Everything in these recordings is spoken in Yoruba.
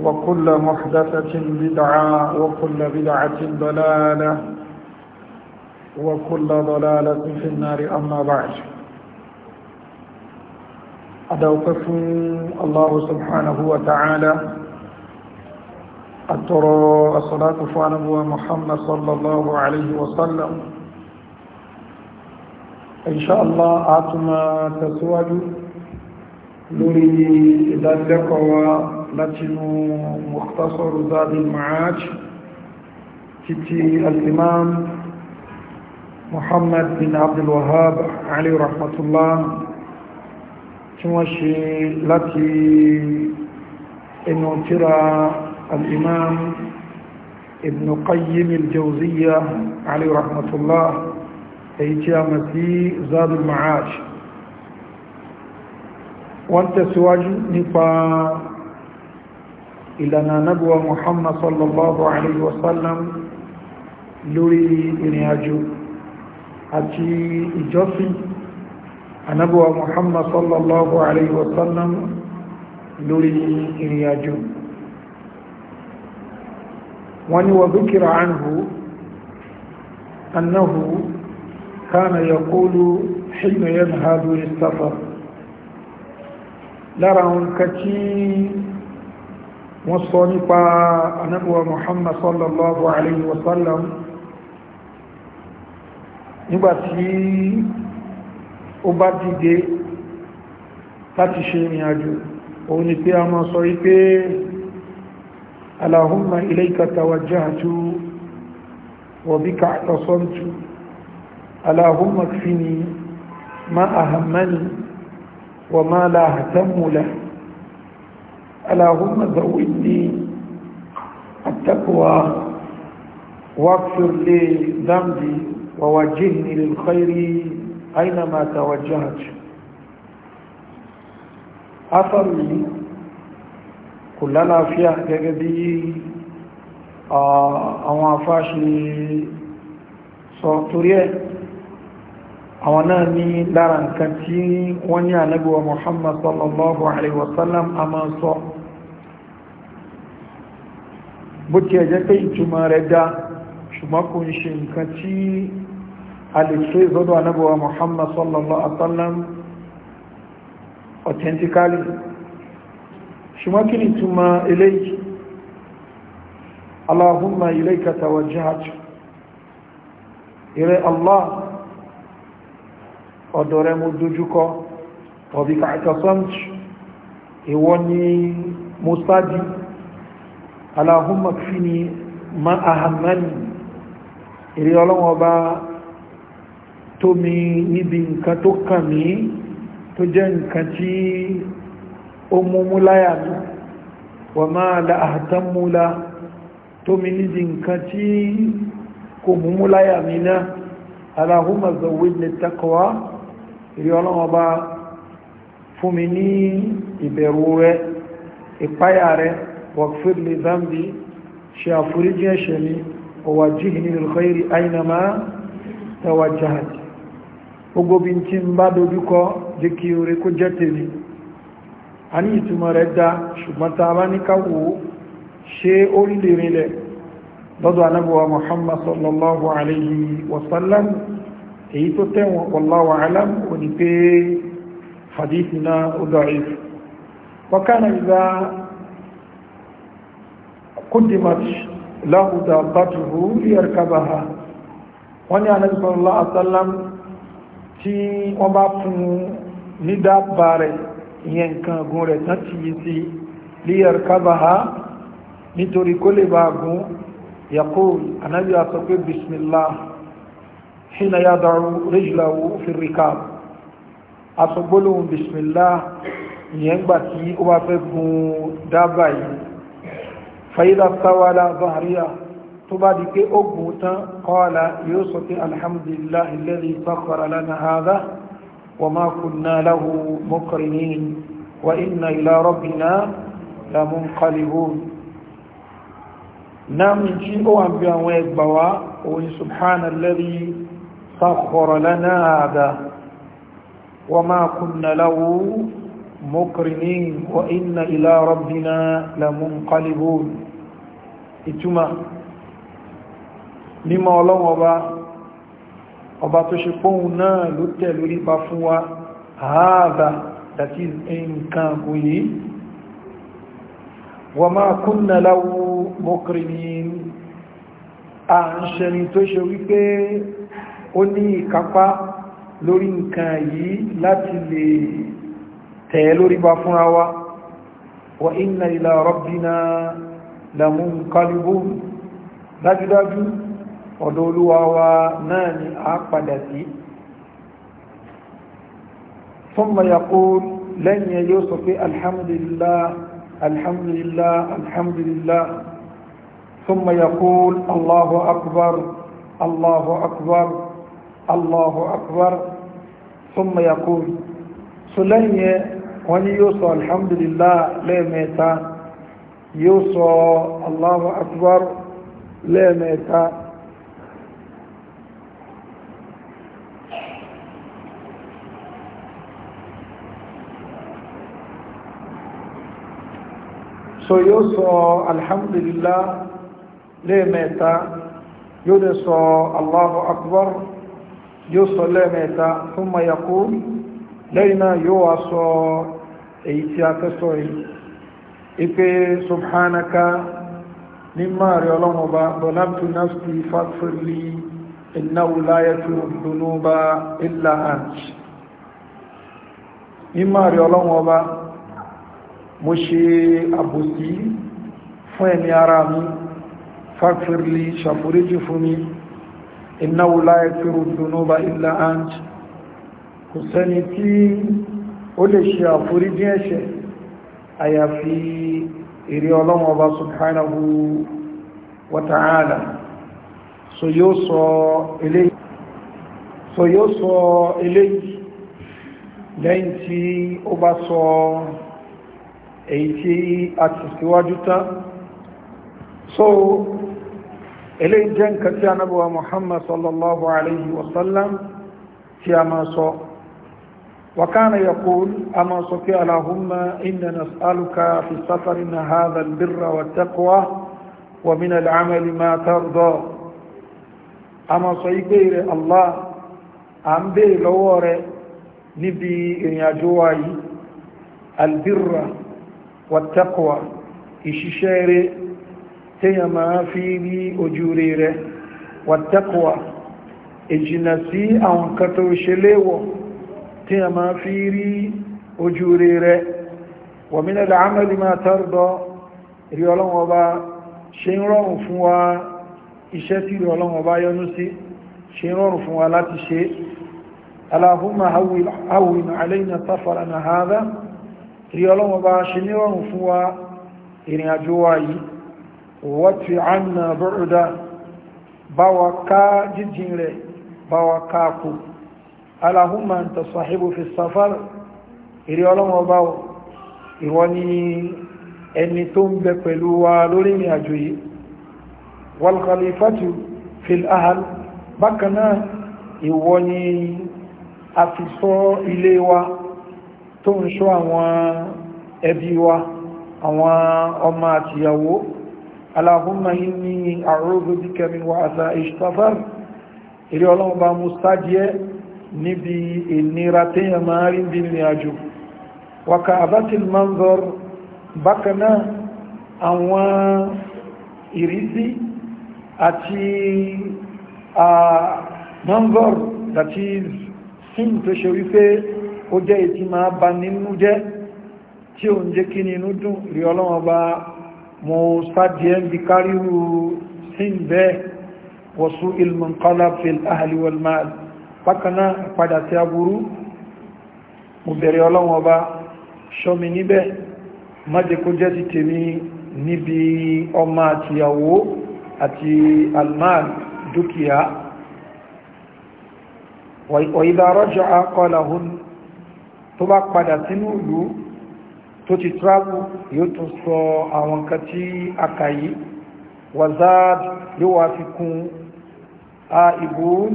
وكل محدثة بدعة وكل بدعة ضلالة وكل ضلالة في النار أما بعد أدوقف الله سبحانه وتعالى أترى الصلاة فانه محمد صلى الله عليه وسلم إن شاء الله أتم تسواج لولي إذا ذكر نتنو مختصر زاد المعاج تتي الإمام محمد بن عبد الوهاب عليه رحمة الله تمشي التي إنه ترى الإمام ابن قيم الجوزية عليه رحمة الله أي تيامتي زاد المعاش وانت سواجه نفا ìlànà anábúwa muhammad sallallahu alayhi wa sallam lórí ìrìn àjò àti ìjọsìn anábúwa muhammad sallallahu alayhi wa sallam lórí ìrìn àjò wọ́n ni wà dúkìrà ánìhù annahu كان يقول حين يذهب للسفر لرى كتير wọ́n sọ nípa anábíwa muhammad sallallahu alayhi wa sallam nígbàtí ó bá dìde láti ṣe ìrìn àjò òun ni pé a máa sọ wípé allahumma ilayka tawajjahtu wa bika atasamtu allahumma kfini ma ahammani wa ma la ahtammu lahu اللهم زودني التقوى واغفر لي ذنبي ووجهني للخير أينما توجهت أثر لي كلنا فيها كجدي àwọn afáṣe sọ torí ẹ̀ àwọn náà ní lára nǹkan tí wọ́n ní ànábì wa Muhammad sallallahu alaihi wasallam a máa sọ bó ti ẹ̀jẹ́ pé ìtumọ̀ rẹ̀ dá ṣùgbọ́n kò ń ṣe nǹkan tí a lè ṣe ìzọ́dọ̀ anábọ̀wà Muhammad sallallahu alaihi wasallam authentically ṣùgbọ́n kí ni ìtumọ̀ eléyìí Allahumma ilayka tawajjahat ìrẹ́ Allah ọ̀dọ̀ rẹ̀ mo dojúkọ ọ̀bí kàkàsọ́mtì ìwọ ni mo sáájú اللهم اكفني ما أهمني إلي الله وبا tómi níbi nǹkan tó kàn mí tó jẹ́ nǹkan tí ó múmú láyà mi wà máa la àtàmúlá tómi níbi nǹkan tí kò múmú láyà mi náà aláhùmà zọ̀wé ní takọwá ìrí ọlọ́wọ́ bá fún mi ní ìbẹ̀rù rẹ ìpáyà rẹ واغفر لي ذنبي شافرج يشمي ووجهني للخير أينما توجهت gbogbo bí tí ń bá dojúkọ jẹ́ kí orí kó jẹ́ tèmi a ní ìtumọ̀ rẹ̀ dá ṣùgbọ́n ta bá ní káwò ṣe orílẹ̀ rinlẹ̀ lọ́dọ̀ anábọ̀wà Muhammad sallallahu alayhi wasallam èyí tó tẹ́wọ̀n wallahu alam kò ní pé hadithi قدمت له دابته ليركبها wọ́n ní Ànábì sallallahu alaihi wasallam tí wọ́n bá fún ní dábà rẹ̀ ìyẹn nǹkan gùn rẹ̀ tán ti yí sí liyarkabaha nítorí kó lè bá gùn yaqul Ànábì sọ pé bismillah hina yada'u rijlahu fi rikab asọgbólóhùn bismillah ìyẹn gbà tí ó bá fẹ́ gùn dábà yìí fàyídà sáwàlá zahariya tó bá di pé ó gùn tán kọ́ọ̀lá yóò sọ pé alhamdulillah alladhi sakhkhara lana hadha wa ma kunna lahu muqrinin wa inna ila rabbina lamunqalibun nam ji o an bi àwọn egba wa o ni subhanalladhi sakhkhara lana wa ma kunna lahu مكرمين وإن إلى ربنا لمنقلبون ìtumọ̀ mímọ̀ ọlọ́run ọba ọba tó ṣe pọ́hùn náà ló tẹ̀ lórí bá fún wa àádá that is nǹkan kò yí wà máa kúnnà láwú mọ́kìrìnín a ń ṣẹni tó ṣe wípé ó ní ìkápá lórí nǹkan yìí láti lè tẹ̀yẹ lórí bá fúnra wa wa inna ila rabbina lamunqalibun dájúdájú ọ̀dọ̀ olúwa wa náà ni a padà sí thumma yaqul lẹ́yìn yóò sọ pé alhamdulillah alhamdulillah alhamdulillah ثم يقول الله أكبر الله ثم يقول سلية wọ́n ní yóò sọ alhamdulillah lẹ́ẹ̀mẹ́ta yóò sọ Allahu akbar lẹ́ẹ̀mẹ́ta so yóò sọ alhamdulillah lẹ́ẹ̀mẹ́ta yóò sọ Allahu akbar yóò sọ lẹ́ẹ̀mẹ́ta thumma yaqul lẹ́yìn náà yóò wá sọ èyí tí a fẹ́ sọ yìí ipe subhanaka ní máa rí ọlọ́run ọba bọ̀láptù nafsi fàfúrlì innahu la yaghfiru dhunuba illa ant ní máa rí ọlọ́run ọba mo ṣe àbòsí fún ẹni ara mi fàfúrlì ṣàforíjì fún mi innahu la yaghfiru dhunuba illa ant kò sẹ́ni tí ó lè ṣe àforíjì ẹ̀ṣẹ̀ àyàfi èrè ọlọ́run ọba subhanahu wa ta'ala so yóò sọ eléyìí so yóò sọ eléyìí lẹ́yìn tí ó bá sọ èyí tí a ti síwájú tán so eléyìí jẹ́ nǹkan tí anábọ̀wà muhammad sallallahu alayhi wa tí a máa sọ so, وكان يقول أما صفي اللهم إن نسألك في سفرنا هذا البر والتقوى ومن العمل ما ترضى أما صيبير الله أم بي لور نبي إن يجوعي البر والتقوى إششير تيما في أجوريره والتقوى إجنسي أو كتوشليوه tí a máa fi rí ojú rere wa min al-amali ma tarda rí ọlọ́wọ́ bá ṣe ń rọrùn fún wa iṣẹ́ tí rí ọlọ́wọ́ bá yọnú sí ṣe ń rọrùn fún wa láti ṣe Allahumma hawwin alayna safarana hadha rí ọlọ́wọ́ jíjìn rẹ̀ báwa ká kú aláhùnmá ń tọ̀ sàhíbò fi sàfàrò ìrí ọlọ́wọ́ bá ìwọ ni ẹni tó ń bẹ pẹ̀lú wa lórí ìrìn àjò yìí wal khalifatu fil ahal bákan náà ìwọ ni a fi ṣọ́ ilé wa tó ń ṣọ́ àwọn ẹbí wa àwọn ọmọ àtìyàwó aláhùnmá inni a'udhu bika min wa'tha'i safar ìrí ọlọ́wọ́ bá mú sáàdìẹ́ níbi ìnira téèyàn máa rí bí ní àjò waka abatil manzor bákaná àwọn ìrísí àti manzor that is sin tó ṣe wípé ó jẹ́ ìtí máa ba nínú jẹ́ tí ó ń jẹ́ kí ni inú dùn rí ọlọ́wọ́ bá mo sáàdìẹ́ bí káríru sin bẹ́ẹ̀ wasu ilmin qalab fil ahli bákanáà padà sí aburú mo bẹ̀rẹ̀ ọlọ́wọ́n ọba ṣọ́mi níbẹ̀ májẹ kó jẹ́ ti tèmi níbi ọmọ àtìyàwó àti almal dúkìá ọ̀yíbá rọ́jọ́ akọ́làhún tó bá padà sínú ìlú tó ti travel yóò tún sọ àwọn nǹkan tí a kà yìí wazad yóò wá fi kún a ìbòún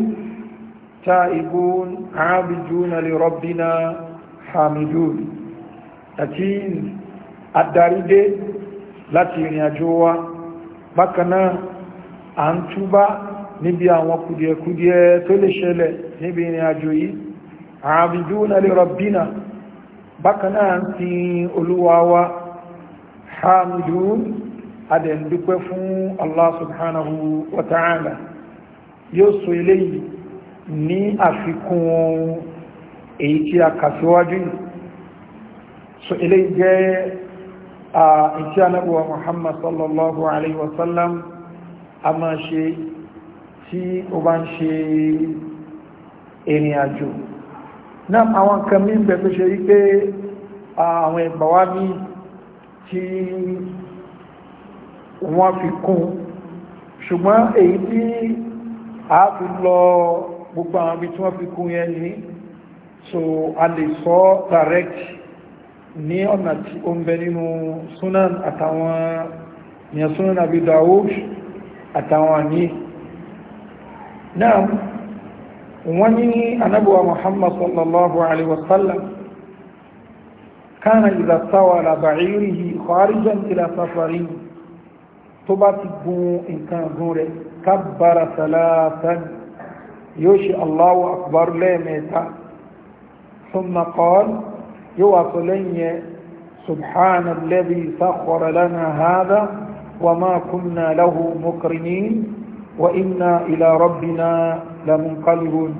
تائبون عابدون لربنا حامدون أتين الداريدي láti ìrìn àjò wa bákanáà à ń túbá níbi àwọn kùdìẹ̀kùdìẹ̀ tó lè ṣẹlẹ̀ níbi ìrìn àjò yìí ààbìdúnà lè rọ̀bínà bákanáà ń fi olúwa wa hamidun adẹ̀ndúpẹ́ fún Allah subhanahu wa ta'ala yóò so eléyìí ní àfikún èyí tí a kà síwájú so ilé jẹ́ a ìtí anábuwa muhammad sallallahu alaihi wasallam a máa ṣe tí ó bá ń ṣe ìrìn àjò náà àwọn kan mí bẹ̀ tó ṣe rí pé àwọn ìgbàwá ní tí wọ́n fi kún ṣùgbọ́n èyí tí a fi lọ gbogbo àwọn ibi tí wọ́n fi kún yẹn ní so a lè sọ direct ní ọ̀nà tí ó ń bẹ nínú sunan àtàwọn ìyẹn sunan Abi Dawud àtàwọn àní náà wọ́n ní anábọ̀wà Muhammad sallallahu alaihi wasallam kana idha stawa ala ba'irihi kharijan ila tó bá ti gun nǹkan gun rẹ̀ kabbara salatan يوشي الله أكبر لميتا ثم قال يواصلني سبحان الذي سخر لنا هذا وما كنا له مقرنين وإنا إلى ربنا لمنقلب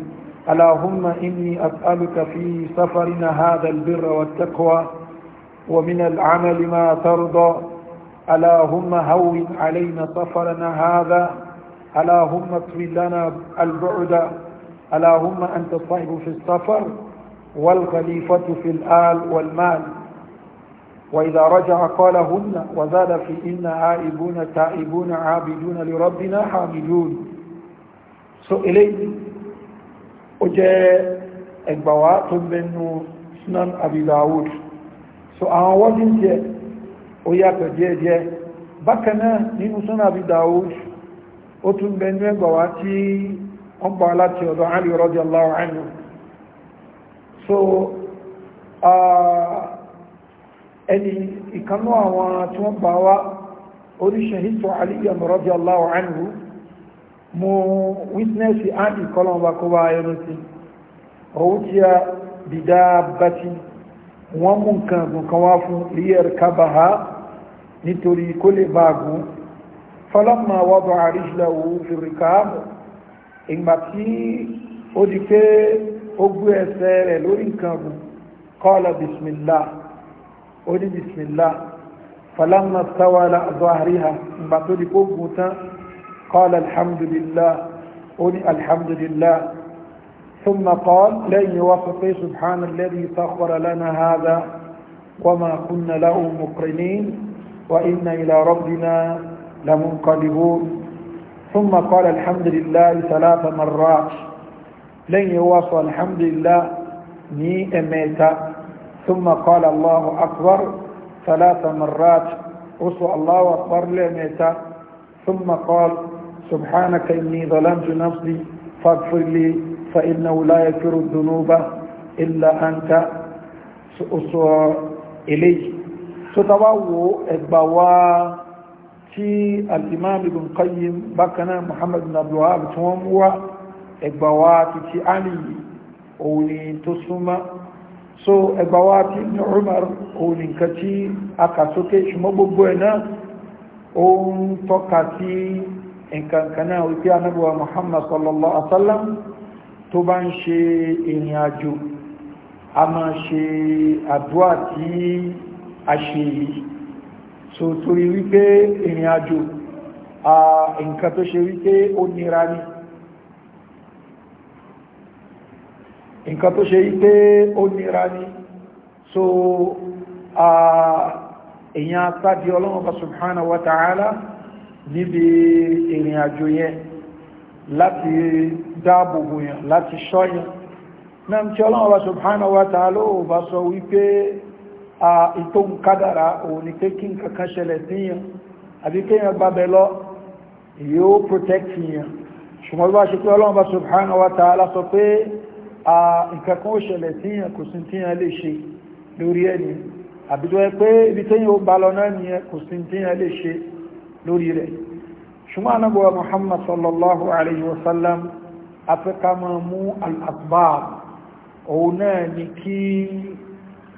اللهم إني أسألك في سفرنا هذا البر والتقوى ومن العمل ما ترضى اللهم هون علينا سفرنا هذا اللهم اطوي لنا البعد اللهم أنت الصاحب في السفر والخليفة في الآل والمال وإذا رجع قالهن وزاد في إن عائبون تائبون عابدون لربنا حامدون سئلي أجاء إقبوات بن سنن أبي داود سؤال وزن جاء وياك جاء جاء بكنا نينو سنن أبي داود otu tún bẹ ní ẹgbà wá tí wọ́n gbà láti ọ̀dọ̀ Ali radiyallahu so ẹni ìkanú àwọn tí wọ́n gbà wá oríṣẹ́hìtò aliyan radiyallahu anhu mo witness áàdì kọlọ̀nba kó bá ẹnu sí ọ̀hún tí a dìdá bá wọ́n mú nǹkan gùn kan wá fún falamma wada'a rijlahu fi rikab ìgbà tí ó di pé ó gbé ẹsẹ̀ rẹ̀ lórí nǹkan gùn qala bismillah ó ní bismillah falamma tawala dhahriha ìgbà tó di pé ó gùn tán qala alhamdulillah ó ní alhamdulillah ثم قال لن يوفقي سبحان الذي سخر لنا هذا وما كنا له مقرنين وإنا إلى ربنا لمنقلبون ثم قال الحمد لله ثلاث مرات لن يواصل الحمد لله ني أميتا ثم قال الله أكبر ثلاث مرات وصو الله أكبر لأميتا ثم قال سبحانك إني ظلمت نفسي فاغفر لي فإنه لا يكفر الذنوب إلا أنت أصو إليه ستواو إدباوا tí al-imam ibn qayyim bákaná muhammad ibn abdullahi tí wọ́n mú wá ẹgbàwá ti ti ali òní tó súnmá so ẹgbàwá ti ibn umar òní nǹkan tí a kà sókè ṣùgbọ́n gbogbo ẹ̀ náà ó ń tọ́ka sí nǹkan kan náà wípé anábíwá muhammad sallallahu alaihi wasallam tó bá ń ṣe ìrìn àjò a máa ṣe àdúrà tí a ṣe yìí so torí wípé ìrìn àjò nǹkan tó ṣe wípé ó nira ní nǹkan tó ṣe wípé ó nira ní so èyàn àtàdí ọlọ́run bá subhanahu wa ta'ala níbi ìrìn àjò yẹn láti dáàbòbò yẹn láti ṣọ́yìn náà tí ọlọ́run bá subhanahu wa ta'ala ó bá sọ wípé ìtò ń kádàrà òun ni pé kí nǹkan kan ṣẹlẹ̀ síyàn àbí kéèyàn gbábẹ̀ lọ yóò protect yàn ṣùgbọ́n bá ṣe pé ọlọ́run bá subhanahu wa ta'ala sọ pé nǹkan kan ó ṣẹlẹ̀ síyàn kò sí tíyàn lè ṣe lórí ẹni àbí tó yẹ pé ibi téyàn ó bá lọ náà nìyẹn kò sí tíyàn lè ṣe lórí rẹ̀ ṣùgbọ́n anábọ̀wá muhammad sallallahu alayhi wa sallam afẹ́ká máa mú al-asbab òun náà ni kí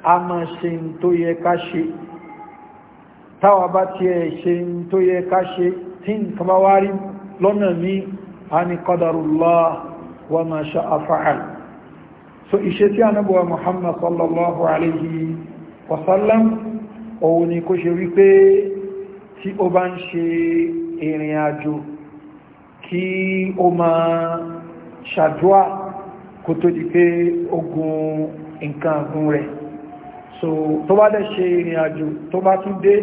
a máa ṣe ń tó yẹ ká ṣe táwa bá ti ẹ̀ ṣe ń tó yẹ ká ṣe tí nǹkan bá wá rí lọ́nà ní a ní qadarullah wa ma sha'a fa'al so ìṣe tí a nábọ̀wà Muhammad sallallahu alayhi wa sallam òun ni kó ṣe wípé tí ó bá ń ṣe ìrìn àjò kí ó máa ṣàdúà kó tó di pé ogun nǹkan àgùn rẹ̀ so tó bá dẹ̀ ṣe ìrìn àjò tó bá tún dé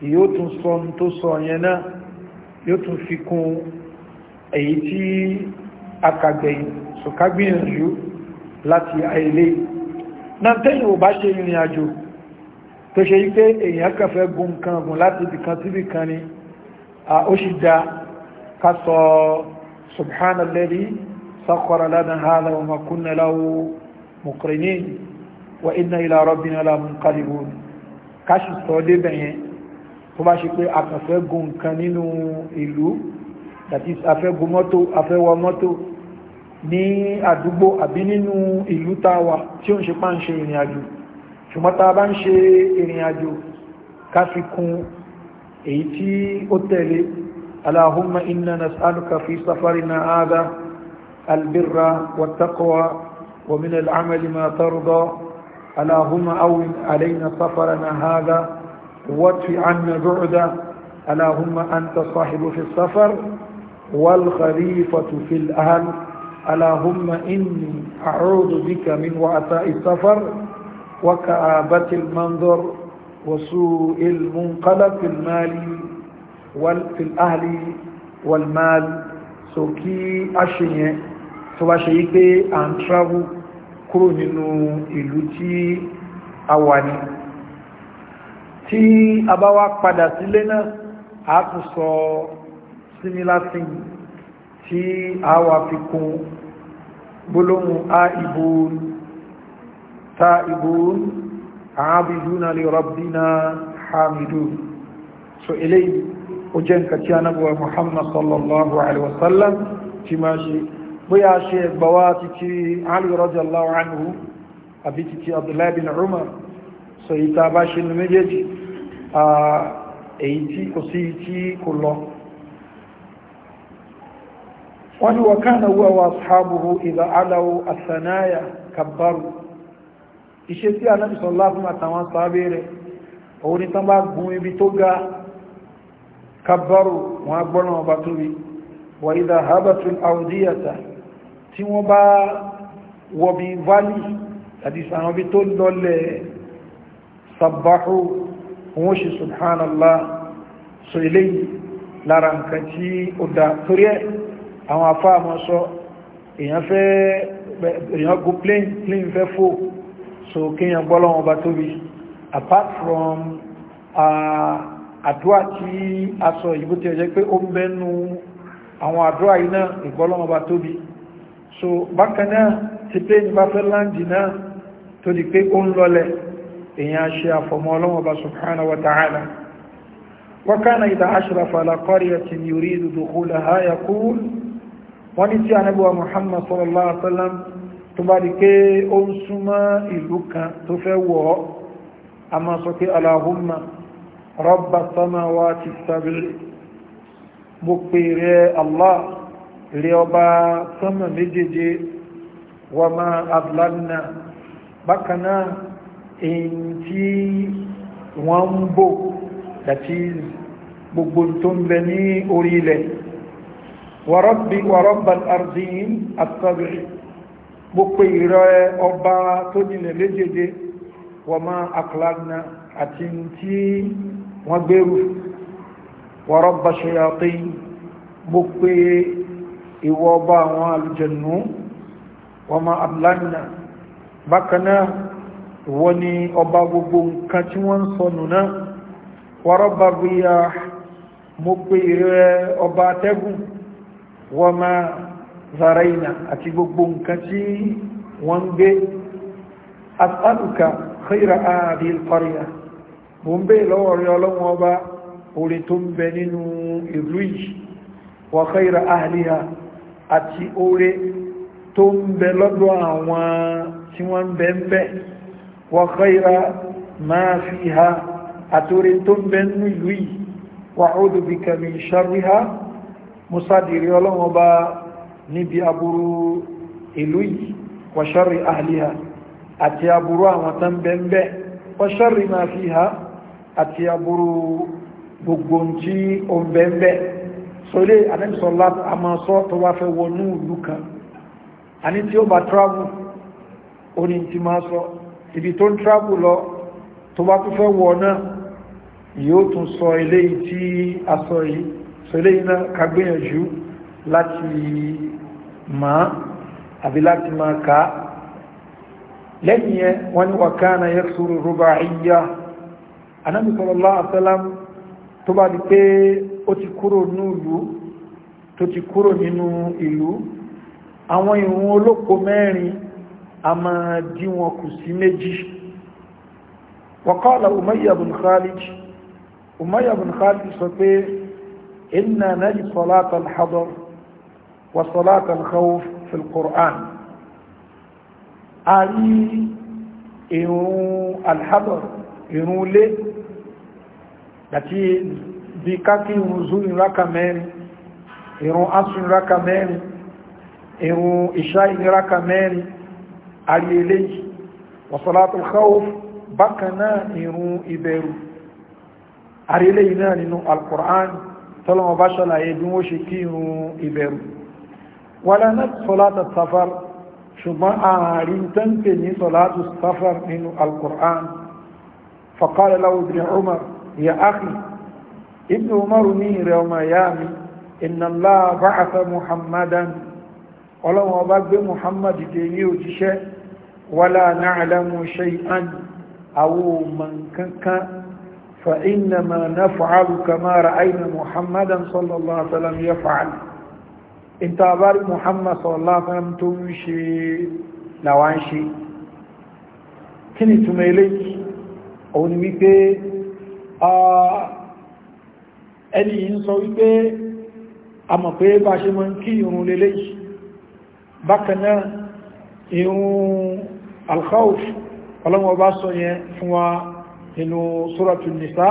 yóò tún sọ tó sọ yẹn náà yóò tún fi kún èyí tí a kàgbẹ̀yìn so ká gbìyànjú láti àìlé náà tẹ́yìn ò bá ṣe ìrìn àjò tó ṣe yí pé èyàn kẹfẹ́ gun kan gùn láti ibìkan síbì kan ni ó sì dá ká sọ subhanalladhi sakhkhara lana hadha wa ma wa inna ila rabbina la munqalibun káṣì sọ débẹ̀ yẹn tó bá ṣe pé àkànfẹ́ gun nǹkan nínú ìlú àti afẹ́gun mọ́tò afẹ́wọ mọ́tò ní àdúgbò àbí nínú ìlú táwa tí ó ń ṣe pá ń ṣe ìrìn àjò ṣùgbọ́n tá bá ń ṣe ìrìn àjò ká fi kún èyí tí ó tẹ̀lé allahumma inna nas'aluka fi safarina hadha albirra wattaqwa wa min al'amali ma tarda اللهم أول علينا سفرنا هذا وادفع عنا بعدا اللهم أنت صاحب في السفر والخليفة في الأهل اللهم إني أعوذ بك من وعثاء السفر وكآبة المنظر وسوء المنقلب في المال في الأهل والمال سوكي أشنيه سوى شيء أن travel kúrò nínú ìlú tí a wà ní tí a bá wá padà sílé náà a tún sọ similar thing tí a wà fi kún gbólóhùn a ìbòrò ta ìbòrò àábìdúnà lè rọ̀bìnà hamidu so eléyìí ó jẹ́ nǹkan tí a nábọ̀wà muhammad sallallahu alaihi wasallam ti máa ṣe bóyá ṣe gbọ́wá títí Ali radiyallahu anhu àbí títí Abdullahi bin Umar so ìta bá ṣe ní méjèèjì èyí tí kò sí tí kò lọ wọ́n ni wa kana huwa wa ashabuhu idha alaw as-sanaya iṣẹ́ tí Ànábì sallallahu àtàwọn sábẹ́ òun ni tán bá gun ibi tó ga kabbaru wọn agbọ́nà ọba tóbi wa idha habatul awdiyata tí wọ́n bá wọ̀bí valley àdìsí àwọn bí tó lọ́lẹ̀ sàbáhù wọ́n ṣe subhanallah so ilé lára nǹkan tí ó dá torí ẹ̀ àwọn afá àmọ́ sọ èyàn fẹ́ èyàn go plane plane fẹ́ fò so kíyàn gbọ́lọ́wọ́n bá tóbi apart from àdúrà tí a sọ ìbútẹ̀ jẹ́ pé ó ń bẹ́nu àwọn àdúrà yìí náà ìgbọ́lọ́wọ́n bá tóbi so bákan náà ti pé ní bá fẹ́ láǹdì náà tó di pé ó ń lọlẹ̀ èyàn ṣe àfọmọ́ ọlọ́wọ́ bá subhanahu wa ta'ala وكان إذا أشرف على قرية يريد دخولها يقول ونسي عن أبو محمد صلى الله عليه وسلم تبارك أنسما إلوك تفوه أما سكي اللهم رب السماوات السبع مقبير الله rí ọba sọ́nà méjèèjì wọ́n máa adlanna bákaná èyí tí wọ́n ń bò dàtí gbogbo tó ń bẹ ní orí ilẹ̀ wàrọ́bí wàrọ́bà àrùdíyìn àtàbí gbogbo ìrọ̀ ọba tó nílẹ̀ méjèèjì wọ́n máa aklanna àti tí wọ́n gbèrú wàrọ́bà gbogbo ìwọ ọba àwọn alùjẹ̀nù wọ́n ma àbúláìnà bákanáà ìwọ ni ọba gbogbo nǹkan tí wọ́n ń sọnù náà wọ́rọ̀bà bí i mo pe ìrẹ́ ọba atẹ́gùn wọ́n ma zaraina àti gbogbo nǹkan tí wọ́n ń gbé asálùkà khayra ààrí ìkọrìyà mo ń bè lọ́wọ́ rí ọlọ́wọ́ ọba orí tó ń bẹ nínú ìlú yìí wọ́n khayra ààrí àti oore tó ń bẹ lọ́dọ̀ àwọn tí wọ́n ń bẹ ń bẹ wa khayra ma fiha àti oore tó ń bẹ nínú ìlú yìí wa a'udhu bika min sharriha musadiri ọlọ́wọ́n bá níbi aburú ìlú yìí wa sharri ahliha àti aburú àwọn tán bẹ ń bẹ wa sharri ma fiha àti aburú gbogbo tí ó ń bẹ ń bẹ sọlé anẹ́bìsọ̀lá àmàsọ́ tó wá fẹ́ wọnú ìlú kan a tí ó bá travel ó ní tí máa sọ ibi tó ń travel lọ tó bá tó fẹ́ wọ náà yóò tún sọ ilé tí a sọ yìí sọlé iná kagbìyànjú láti máa àbí láti máa ká lẹ́yìn ẹ wọ́n ní wàkánà yẹ́ sùúrù rúbà ìyá anẹ́bìsọ̀lá àtẹ́lám tó bá di pé ó ti kúrò ní ìlú tó ti kúrò nínú ìlú àwọn ìwọ̀n olóko mẹ́rin a máa dí wọn kù sí méjì waqala umayya bin khalid umayya bin khalid sọ pé inna nali salat al-hadar wa salat al-khawf fi a rí ìrun al-hadar lé that bí kákí irun zuri ráka mẹ́rin irun asun ráka mẹ́rin irun ìṣáì ráka mẹ́rin àrí eléyìí wasalatul khawf bákan náà irun ìbẹ̀rù àrí eléyìí náà nínú alkùrán tọ́lọ́wọ́ bá ṣàlàyé bí wọ́n ṣe kí irun ìbẹ̀rù wala náà sọ́látà safar ṣùgbọ́n ààrin tẹ́ǹpẹ̀ ní ibn umaru ní ìrẹ̀ ọmọ ìyá mi inna Allaha ba'atha muhammadan ọlọ́wọ́n ọba gbé muhammad dé ní òjíṣẹ́ wala na'lamu shay'an àwọn òmàn kankan fa innama naf'alu kama ra'ayna muhammadan sallallahu alaihi wasallam yaf'al ìtàbárí muhammad sallallahu alaihi tó ń ṣe làwọn ṣe kí ni túnmọ̀ eléyìí òun wípé ah, ẹni yìí ń sọ wípé a mọ̀ pé bá ṣe mọ́ kí irun lélé yìí bákanáà irun alkhawf ọlọ́wọ́ bá sọ yẹn fún wa nínú sóràtù nìsá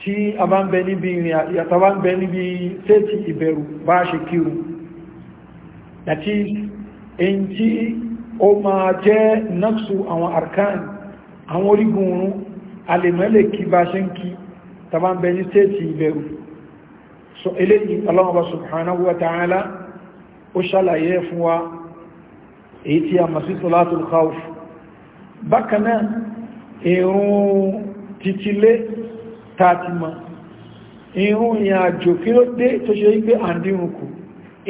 tí a bá ń bẹ níbi ìrìn àtàwà ń bẹ níbi tẹ́ẹ̀tì ìbẹ̀rù bá ṣe kírun àti èyí tí ó máa jẹ́ nafsu àwọn arkan àwọn orígun oorun alèmọ́lẹ̀ kí bá ṣe ń kí tàbá ń bẹ ní stéètì ìbẹ̀rù so eléyìí aláwọ̀bá subhanahu wa ta'ala ó ṣàlàyé fún wa èyí tí a mọ̀ sí salatul khawf bákanáà ìrun titilé tààtìmọ̀ ìrun ìyà àjò kí ló dé tó ṣe wípé àndírun kù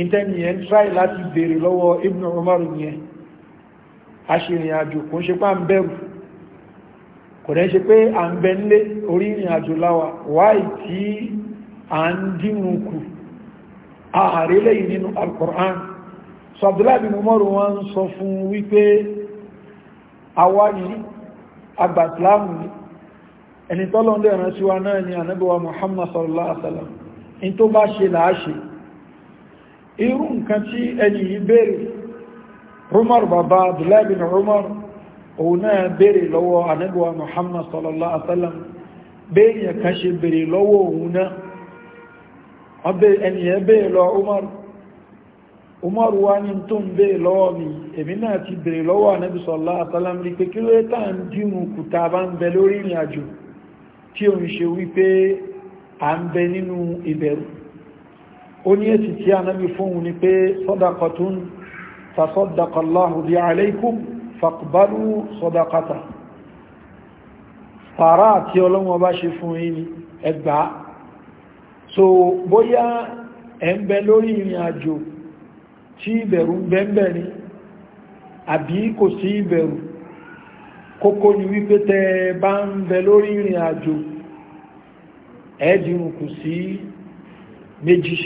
ìtẹ́niyàn tráì láti béèrè lọ́wọ́ Ibn Umar yẹn a ṣe ìrìn àjò kò ń ṣe pá ń bẹ̀rù kò dẹ́ ṣe pé à ń bẹ nílé orí ìrìn àjò láwà wáì tí à ń dínú kù ààrẹ lẹ́yìn nínú alkùnrán so abdullahi mumaru wọn sọ fún wípé àwa ni agbàtìláàmù ni ẹni tọ́lọ́ndẹ̀ ẹ̀rán náà ni ànábíwa muhammad sallallahu alaihi wasallam in tó bá ṣe láàṣe irú nǹkan tí ẹni òun náà béèrè lọ́wọ́ anábíwa muhammad sallallahu alaihi wasallam béèyàn kan ṣe béèrè lọ́wọ́ òun náà ẹniyẹ béèrè lọ umar umar wa ní tó ń béèrè lọ́wọ́ mi èmi náà ti béèrè lọ́wọ́ anábí sallallahu alaihi wasallam rí pé kí ló yẹ tàn dínú fàkùbálù sọ́dọ̀kátà tààrà àti ọlọ́wọ́n bá ṣe fún yín ẹgbà so bóyá ẹ̀ǹbẹ lórí ìrìn àjò tí ìbẹ̀rù ń bẹ́ẹ̀bẹ̀ ni àbí kò sí ìbẹ̀rù kókó ni wípé tẹ bá ń bẹ lórí ìrìn àjò ẹ̀ẹ́dìrún kù sí méjì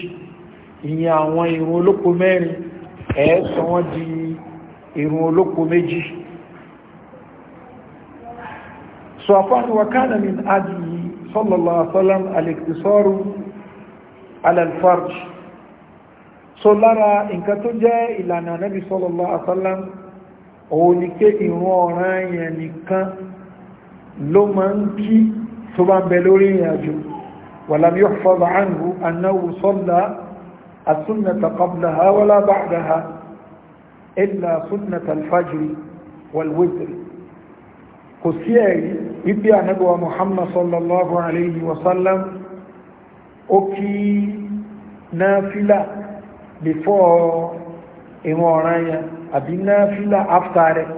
ìyẹn àwọn ìrún olóko mẹ́rin ẹ̀ẹ́ sọ di ìrun olóko méjì sọ àfáàní wa kánà min adìyí sallallahu alaihi wasallam al-iqtisaru ala al-farj so lára nǹkan tó jẹ́ ìlànà Ànábì sallallahu alaihi wasallam òun ni pé ìrun ọ̀ràn yẹn nìkan ló máa ń kí tó bá bẹ lórí ìrìn àjò ولم يحفظ عنه أنه صلى السنة قبلها ولا بعدها illa sunnat alfajiri walwitri kò sí ẹ̀rí wípé ànábọ̀wà muhammad sallallahu alayhi wa sallam ó kí náfílà before ìwọ̀n ọ̀ràn yẹn àbí náfílà after rẹ̀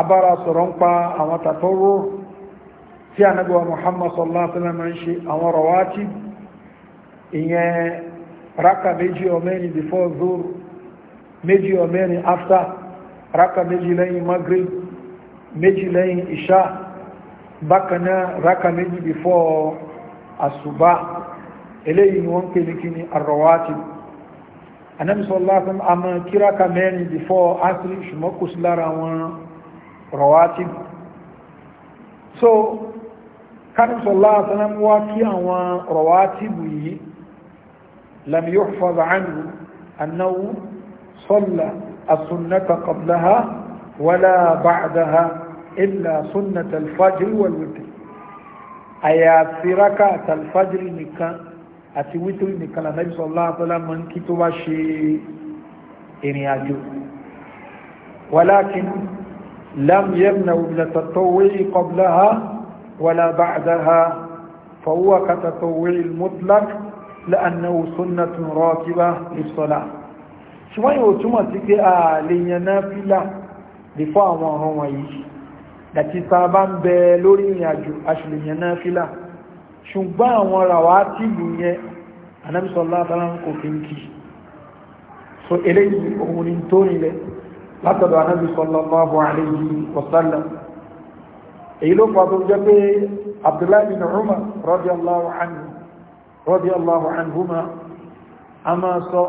abára sọ̀rọ̀ ń pa àwọn tàtọ́rọ tí ànábọ̀wà muhammad sallallahu alayhi wa sallam ń ṣe àwọn rawatib ìyẹn rákà méjì or mẹ́rin after raka méjì lẹ́yìn maghrib méjì lẹ́yìn isha bákanáà raka méjì before àsùbá eléyìí ni wọ́n pè ní kí ni arrawatib anamisọ́lásán a kí raka mẹ́rin before asiri ṣùgbọ́n kò sí lára wọn rawatib so kánúsọ̀lásán wá kí àwọn rawatib yìí lam yuhfaz anhu annahu صلى السنة قبلها ولا بعدها إلا سنة الفجر والوتر أي في ركعة الفجر نكا أتي وتر نكا النبي صلى الله عليه وسلم من كتب شيء إن ولكن لم يمنع من التطوع قبلها ولا بعدها فهو كتطوع المطلق لأنه سنة راكبة للصلاة ṣùgbọ́n yóò túmọ̀ sí pé a lè yan náfílà lè fọ́ àwọn ọ̀ràn wọ̀nyí dàti ta bá ń bẹ lórí ìrìn àjò aṣèlè yan náfílà ṣùgbọ́n àwọn ràwá tìlù yẹn anábìsọ̀lá tàbí kò fi ń kì so eléyìí òun ni tó nílẹ̀ látọ̀dọ̀ anábìsọ̀lọ́mọ́ àlejì wọ̀sálà èyí ló fàtó jẹ́ pé abdullahi anhu radiyallahu anhuma a máa sọ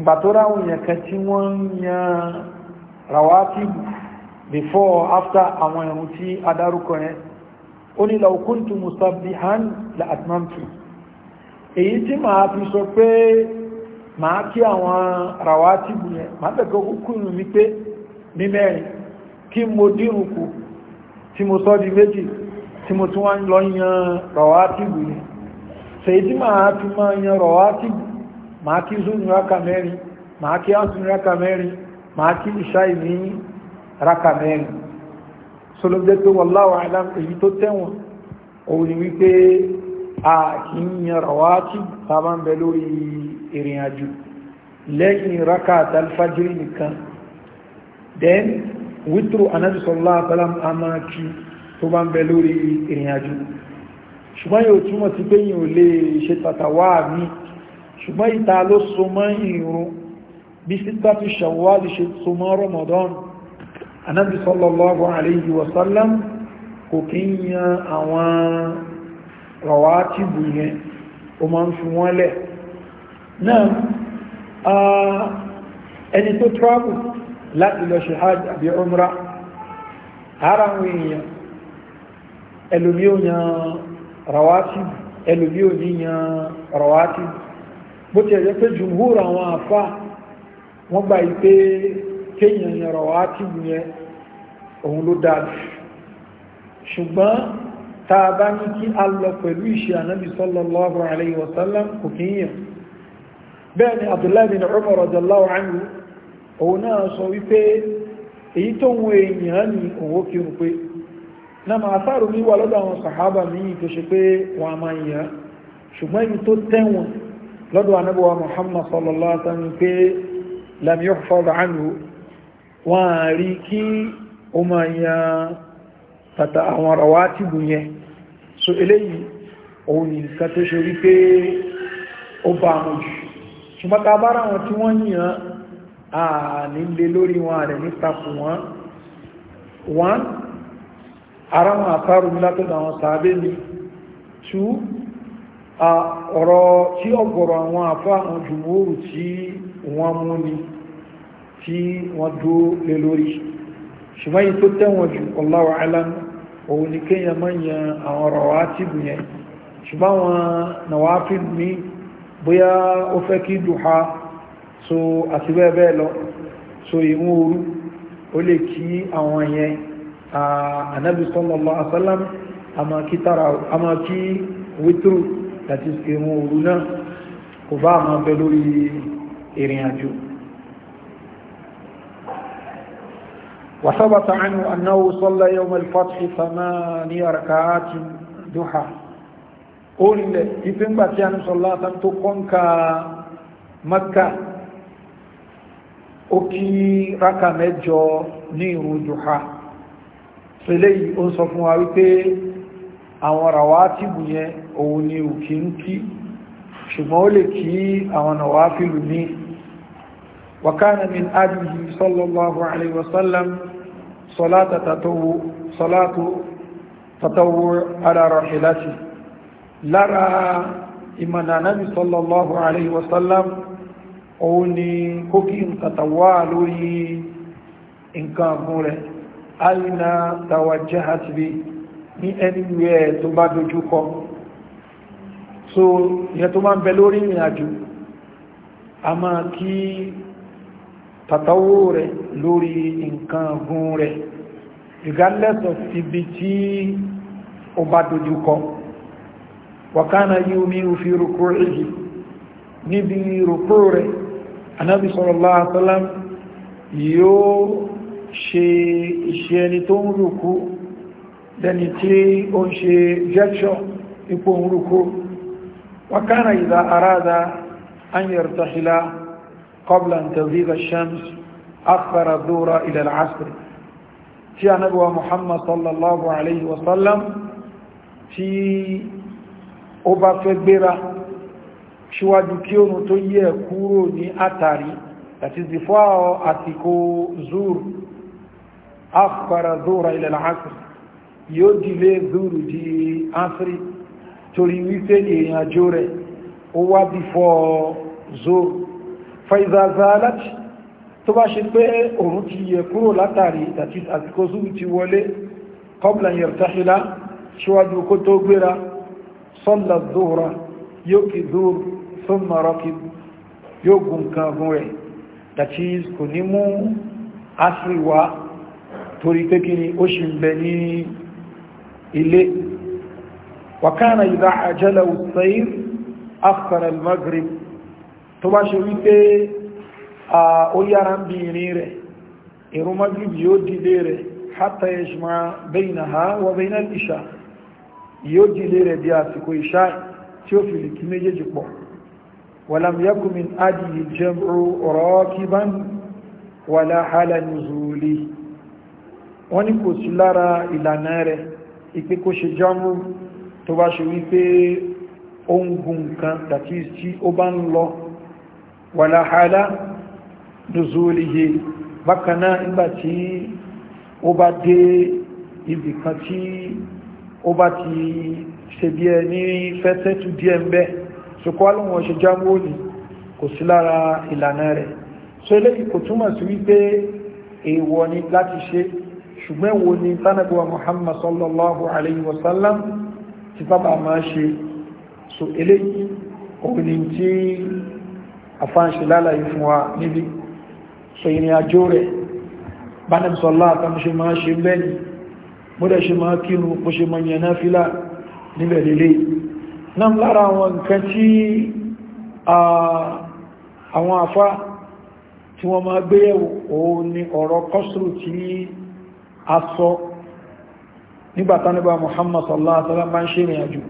ìgbà tó ráwọn èèyàn kan tí wọ́n ń yan rawatibu before after àwọn ẹ̀rùn tí adárúkọ yẹn ó ní law kuntu musabbihan la atmamtu èyí tí màá fi sọ pé màá kí àwọn rawatibu yẹn màá bẹ̀gọ́ kúkúrú mi pé ní mẹ́rin kí mo dírù kù tí mo sọ di méjì tí mo tún wá ń lọ yan rawatibu yẹn máa kí zúnú ráka mẹ́rin máa kí ánsùn ráka mẹ́rin máa kí ìṣáì ní ráka mẹ́rin sọlọ́jẹ́ pé wallahu a'lam èyí tó tẹ́wọ̀n òun ni wípé a kì í yan rawatib sábà ń bẹ lórí ìrìn àjò lẹ́yìn ráka àtàlfàjírí nìkan then wítúrù anábì sallallahu a máa kí tó bá ń bẹ lórí ìrìn àjò ṣùgbọ́n yóò túmọ̀ sí pé yìí ò lè ṣe tàtàwà míì ṣùgbọ́n ìta ló so mọ́ ìrun bí síta ti ṣàwọ́lì ṣe so mọ́ Ramadan anábi sallallahu alayhi wa sallam kò kí ń yan àwọn rawatibu yẹn o ma ń fi wọ́n lẹ̀ náà ẹni tó travel láti lọ ṣe hajj àbí umra ara àwọn èèyàn ẹlòmí ò yan rawatibu ẹlòmí ò ní yan rawatibu bó ti ẹ̀jẹ́ pé jùmúrù àwọn àfá wọ́n gba ìpé kéèyàn yọ̀rọ̀ wá tí yẹn òun ló dáadù ṣùgbọ́n tá a bá ní kí a lọ pẹ̀lú ìṣẹ́ ànábì sallallahu alayhi wa sallam kò kí yàn bẹ́ẹ̀ ni Abdullahi bin Umar radiyallahu anhu òun náà sọ wípé èyí tó ń ní wà lọ́dọ̀ àwọn sàhábà míì tó pé wọ́n a máa yàn ṣùgbọ́n ibi tó tẹ́wọ̀n lọ́dọ̀ anábọ̀wà muhammad sallallahu alaihi wasallam pé lam yuhfaz anhu wọ́n a rí kí o ma ya tàtà àwọn rawatibu yẹn so eléyìí òun ni nǹkan tó ṣe wípé ó bá mọ̀ jù ṣùgbọ́n bára wọn tí wọ́n yìnyàn a nílé lórí wọn rẹ̀ nítakùn wọn one ara wọn àtàrù látọ̀dọ̀ àwọn sàábé ni ọ̀rọ̀ tí ọ̀gọ̀rọ̀ àwọn àfá àwọn jùmúrù tí wọ́n mú ni tí wọ́n dó lé lórí ṣùgbọ́n yìí tó tẹ́wọ̀n jù wallahu alam òun ni kéèyàn máa ń yan àwọn ọ̀rọ̀ wá tí bù yẹn ṣùgbọ́n àwọn nàwáfíì ní láti irun òru náà kò bá máa bẹ lórí ìrìn àjò وثبت عنه أنه صلى يوم الفتح ثماني ركعات ضحى قل إذن باتيان صلى الله عليه وسلم مكة ó kí rákà mẹ́jọ ní ìrun jùhá pẹ̀lẹ́ yìí ó sọ fún wa wípé àwọn ràwá tí bù yẹn òun ni ò kí ń kí ṣùgbọ́n ó lè kí àwọn nàwà fìlú ní wakana min adìyí sallallahu alaihi wasallam salata tatawo ala rahilati lára ìmọ̀nà nábi sallallahu alaihi wasallam òun ni kókí tatawa lórí nǹkan so ìyẹn tó máa ń bẹ lórí ìrìn àjò a máa kí tàtàwó rẹ̀ lórí nǹkan gun rẹ̀ regardless of ibi tí ó bá dojú kọ wàkánà yíò mi ò fi rúkú èyí níbi rúkú rẹ̀ anábi sallallahu alaihi yóò ṣe iṣẹ́ ẹni tó ń rúkú lẹ́ni tí ó ń ṣe jẹ́ṣọ́ ipò ń rúkú وكان إذا أراد أن يرتحل قبل أن تزيد الشمس أخر الظهر إلى العصر في نبوة محمد صلى الله عليه وسلم في أبا فبرة ṣíwájú kí oòrùn tó yẹ kúrò ní àtàrí àti zifọ́ àtìkò zúrù afkara zúrù ilẹ̀ al'asir yóò dìlé zúrù di asiri torí wípé ìrìn àjò rẹ̀ ó wá bí fọ́ zoro faizazalat tó bá ṣe pé òun ti yẹ kúrò látàrí àti àsìkò zuru ti wọlé kọbla yẹ̀rtàhílá ṣíwájú kó tó gbéra sọ́lá zuhra yóò kí zoro sọ́mà rọ́kì ilé wàkánà ìdá àjẹ́lẹ̀ òsèyí afẹ́rẹ̀ magrib tó bá ṣe wípé ó yára ń bí ìrìn rẹ̀ ìrún magrib yóò dìde rẹ̀ hátà ẹ̀ṣmà bẹ́yìn ha wà bẹ́yìn ìṣà yóò dìde rẹ̀ di àsìkò ìṣà tí ó fi lìkí méjèèjì pọ̀ wàlám ìpé kó ṣe jámù tó bá ṣe wípé ó ń gun nǹkan tàbí tí ó bá ń lọ wàlá hálà nùzúlìyè bákanáà nígbàtí ó bá dé ibì kan tí ó bá ti ṣe bí ẹ ní fẹ́tẹ́ díẹ̀ ń bẹ́ ṣùkọ́ alóhun ọ̀ṣẹ́ jámọ́ kò sí lára ìlànà rẹ̀ so eléyìí kò túmọ̀ sí wípé èèwọ̀ ni láti ṣe ṣùgbọ́n ni tánàbíwa Muhammad sallallahu alayhi wa sallam tí bábà máa ṣe so eléyìí òun tí àfáàṣe lálàyé fún wa níbi so ìrìn àjò rẹ̀ bánẹ̀sọ́lá àtàmṣe máa ṣe bẹ́ẹ̀ni bódẹ̀ ṣe máa kírù bó ṣe mọ̀ yẹn náfílà níbẹ̀ lélé náà lára àwọn nǹkan tí àwọn àfá tí wọ́n máa gbéyẹ̀wò òun ni ọ̀rọ̀ kọ́sùrù tí a sọ nígbàtá nígbà muhammad sallallahu alaihi wasallam máa ń ṣe ìrìn àjò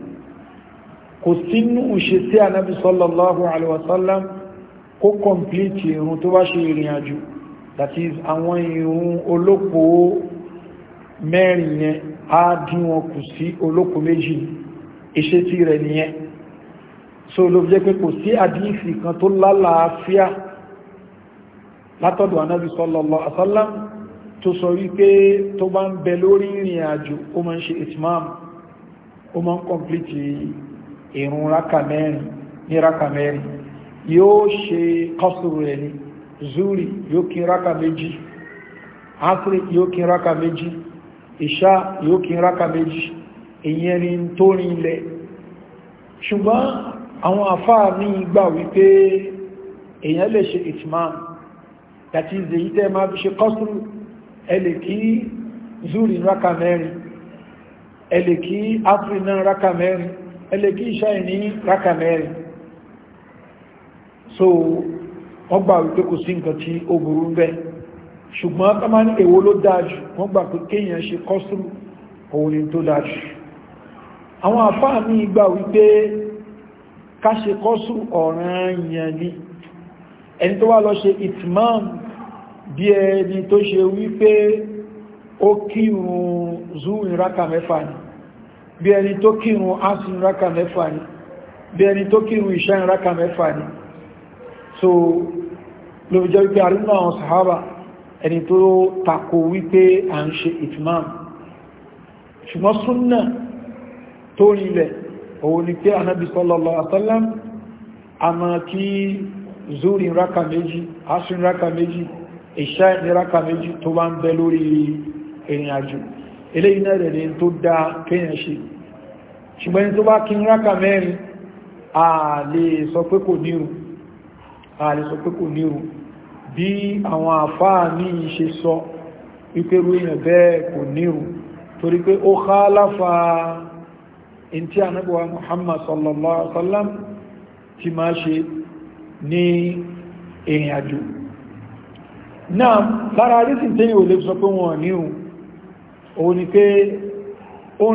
kò sínú ìṣe tí anábi sallallahu alaihi wasallam kó kọ̀mplíìtì irun tó bá ṣe ìrìn àjò that is àwọn irun olóko mẹ́rin yẹn á dín wọn kù sí olóko méjì ìṣe tí rẹ̀ nìyẹn so ló jẹ́ pé kò sí àdífì kan tó lálàáfíà látọ̀dọ̀ anábi sallallahu alaihi wasallam tó sọ wípé tó bá ń bẹ lórí ìrìn àjò ó máa ń ṣe itmam ó máa ń kọ̀mplìtì ìrun rákà mẹ́rin ní rákà yóò ṣe kọ́sùrù rẹ̀ ní zuri yóò kí rákà méjì asiri yóò kí rákà méjì ìṣá yóò kí rákà méjì ni tó rin ilẹ̀ ṣùgbọ́n àwọn àfáà ní ìgbà wípé èyàn lè ṣe itmam that is èyí tẹ́ máa fi ṣe kọ́sùrù ẹlè kí zuri rákà mẹ́rin ẹlè kí afrinà rákà mẹ́rin ẹlè kí ìṣáì ní mẹ́rin so wọ́n gbà wípé kò sí nǹkan tí ó burú ń bẹ ṣùgbọ́n ká máa ní èwo ló dájú wọ́n gbà pé kéèyàn ṣe kọ́sùn òun ni tó dájú àwọn àfáà ní ìgbà wípé ká ṣe kọ́sùn ọ̀ranyàn ni ẹni tó wá lọ ṣe ìtìmáàmù bí ẹni tó ṣe wípé ó kírun zúù ìrákà mẹ́fà ni bí ẹni tó kírun ánsì ìrákà mẹ́fà ni bí ẹni tó kírun ìṣá ìrákà mẹ́fà ni so ló fi jẹ́ wípé àrínú àwọn sàhábà ẹni tó tako wípé à ń ṣe ìtìmáà ṣùgbọ́n súnnà tó rinlẹ̀ òun ni pé anábi sallallahu alaihi wasallam kí zúù ìrákà méjì ánsì ìrákà méjì ìṣá ìniraka méjì tó bá ń bẹ lórí ìrìn àjò ilé iná rẹ̀ ní tó dá kéèyàn ṣe ṣùgbọ́n ní tó bá kí nraka mẹ́rin a lè sọ pé kò nírun a lè sọ pé kò nírun bí àwọn àfáà ní ìṣe sọ wípé rú èèyàn bẹ́ẹ̀ kò nírun torí pé ó khalafa ìntí ànábọ̀wà Muhammad sallallahu alaihi wasallam ti máa ṣe ní ìrìn àjò náà lára rísìn tí yíò lè sọ pé wọn ní òun ni pé ó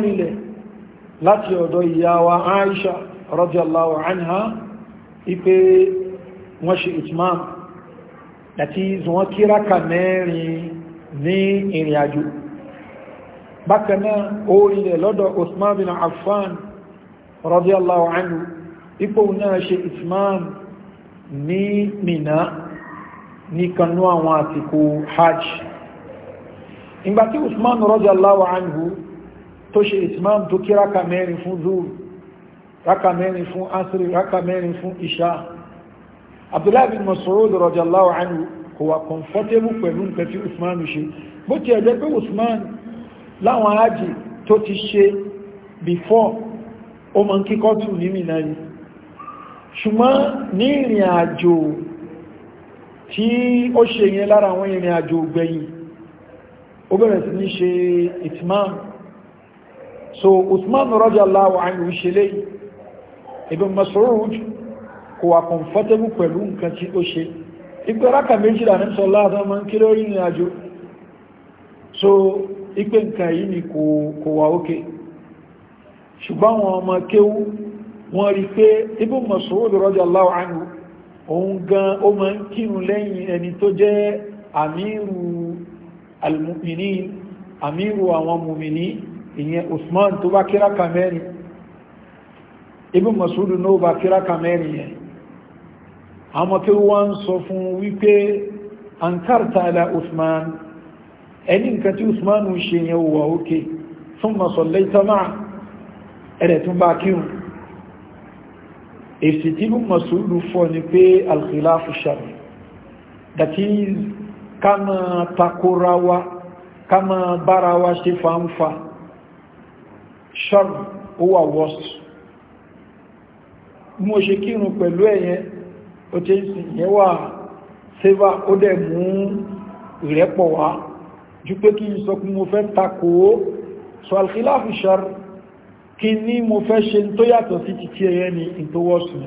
láti ọ̀dọ̀ ìyá wa Aisha radiyallahu anha ipé wọ́n ṣe itmam àti wọ́n kíraka mẹ́rin ní ìrìn àjò bákaná ó lọ́dọ̀ osman bin Affan radiyallahu anhu ipò náà ṣe itmam ní Mina nìkanú àwọn àsìkò hajj ìgbà tí usman radiyallahu anhu tó ṣe isman tó kí ráka mẹ́rin fún zuhur ráka mẹ́rin fún asiri ráka mẹ́rin fún isha abdullahi bin mas'ud radiyallahu anhu kò wà comfortable pẹ̀lú nǹkan tí usman ṣe bó ti ẹ̀jẹ́ pé usman láwọn hajj tó ti ṣe before ó mọ̀ kíkọ́ tù ní mìíràn ṣùgbọ́n ní ìrìn àjò tí ó ṣe yẹn lára àwọn ìrìn àjò gbẹ̀yìn ó bẹ̀rẹ̀ sí ní ṣe itman so Usman radiyallahu anhu ìṣẹ́lẹ̀ Ibn Mas'ud kò wà comfortable pẹ̀lú nǹkan tí ó ṣe ipe rákà méjìlá ní sọ láàrín ọmọ so ipe nǹkan yìí ni kò wà ókè ṣùgbọ́n wọn ọmọ kéwú òun gan ó máa ń kírun lẹ́yìn ẹni tó jẹ́ àmírù almùmìnì àmírù àwọn mùmìnì ìyẹn Usman tó bá kíráka mẹ́rin Ibn Mas'ud náà bá kíráka mẹ́rin yẹn àwọn tí wọ́n ń sọ fún wípé ankarta ala ẹni nǹkan tí Usman ń ṣe yẹn wà ókè thumma sallaita ẹ̀rẹ̀ tún bá kírun èsì tí mú masudu fọ́ ni pé alkhilafu shari that is kama takorawa kama bárawa ṣe fanfa shari ó wà worst mo ṣe kírun pẹ̀lú ẹ̀yẹn ó tẹ́ ìsìn yẹn wà seva ó dẹ̀ mú ìrẹ́pọ̀ wá ju pé kí n sọ pé mo fẹ́ takò so alkhilafu shari kí ní mo fẹ́ ṣe tó yàtọ̀ sí títí ẹyẹ ni ìtòwọ́sù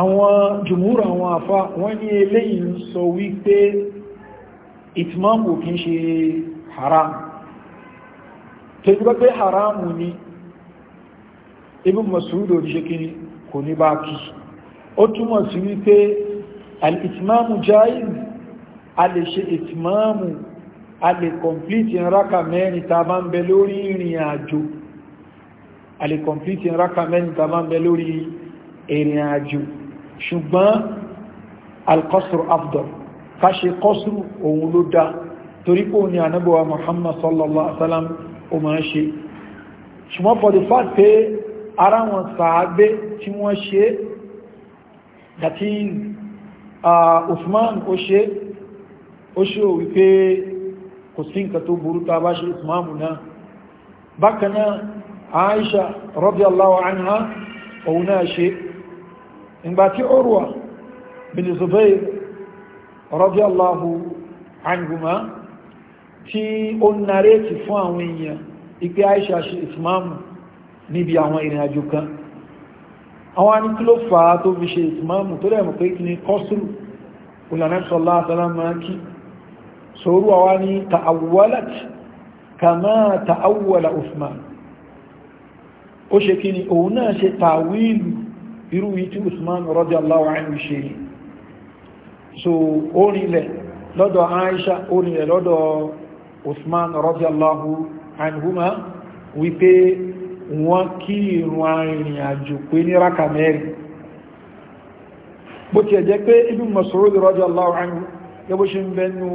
àwọn jùmúrù àwọn àfá wọ́n ní eléyìí sọ wípé ìtìmọ́mù kí ń ṣe haram tó yí pé haram ni ibi masudo ṣe kí kò ní bá kí ó túnmọ̀ sí wípé al-ìtìmọ́mù jáyìí a lè ṣe ìtìmọ́mù a lè kọ̀mplìtì ráka mẹ́rin ta bá ń bẹ lórí ìrìn àjò a lè kọ̀mplìtì ráka mẹ́rin ta bá ń bẹ lórí ìrìn àjò ṣùgbọ́n alkọ́sùrù afdal ká ṣe kọ́sùrù òun ló dá torí pé òun ni ànábọ̀wà Muhammad sallallahu alaihi wasallam kò sí nǹkan tó burú ta bá ṣe ìsìmáàmù náà bákanáà Aisha radiyallahu anha òun náà ṣe ìgbàtí Urwa bin Zubayr radiyallahu anhuma tí ó narétì fún àwọn èèyàn ipé Aisha ṣe ìsìmáàmù níbi àwọn ìrìn àjò kan àwọn aníkílò fàá tó fi ṣe ìsìmáàmù tó rẹ̀ mọ̀ pé kí ni sórú àwa ní ta'awwalat kama ta'awwala usman ó ṣe kí ni òun náà ṣe tàwílù irú yìí tí usman radiyallahu anhu ṣe so orinlẹ̀ lọ́dọ̀ aisha orinlẹ̀ lọ́dọ̀ usman radiyallahu anhuma wípé wọ́n kí ìrun arìnrìn àjò pé ní rákà mẹ́rin bó ti ẹ̀jẹ́ pé Ibn Mas'ud radiyallahu anhu gẹ́bó ṣe ń bẹnu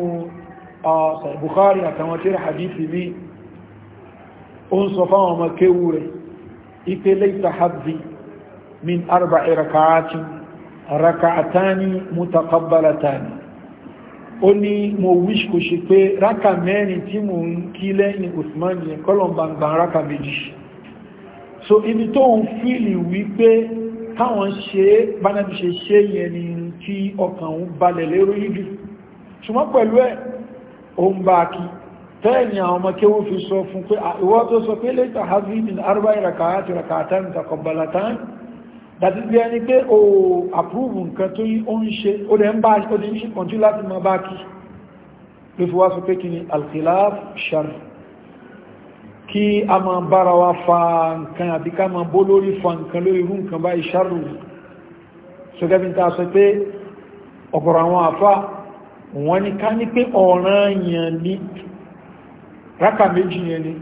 Bukhari àtàwọn tí hadithi mi ó ń sọ fáwọn ọmọ kéwú rẹ̀ ipé laita haddi min arba'i raka'atin raka'atani mutaqabbalatani ó ní mo wish kò ṣe pé raka mẹ́rin tí mo ń kí lẹ́yìn Usman yẹn kọlọmbangba raka méjì so ibi tó ń fíìlì wípé káwọn ṣe bánábi ṣe ṣe yẹn ni tí ọkàn ń balẹ̀ lérò ṣùgbọ́n pẹ̀lú ẹ̀ ó ń bá kí tẹ́ẹ̀ni àwọn ọmọ kéwú fi sọ fún pé ìwọ tó sọ pé lẹ́tà hazmin arba ìràkà àti ìràkà àtàn takọ̀bàlátàn dàti bí ẹni pé o àpúrùbù nǹkan tó yí ó ń ṣe ó dẹ̀ ń bá ó dẹ̀ ń ṣe kọ̀ntú láti máa bá kí ló fi wá sọ pé kí ni alkhilaf shar kí a máa bára wa fa nǹkan àbí ká máa bó lórí fa nǹkan lórí irú nǹkan báyìí sharru sọ gẹ́bí ta sọ pé ọ̀gọ̀rọ̀ àwọn àfáà wọ́n ní ká ní pé ọ̀ràn yàn ní rákà méjì yẹn ni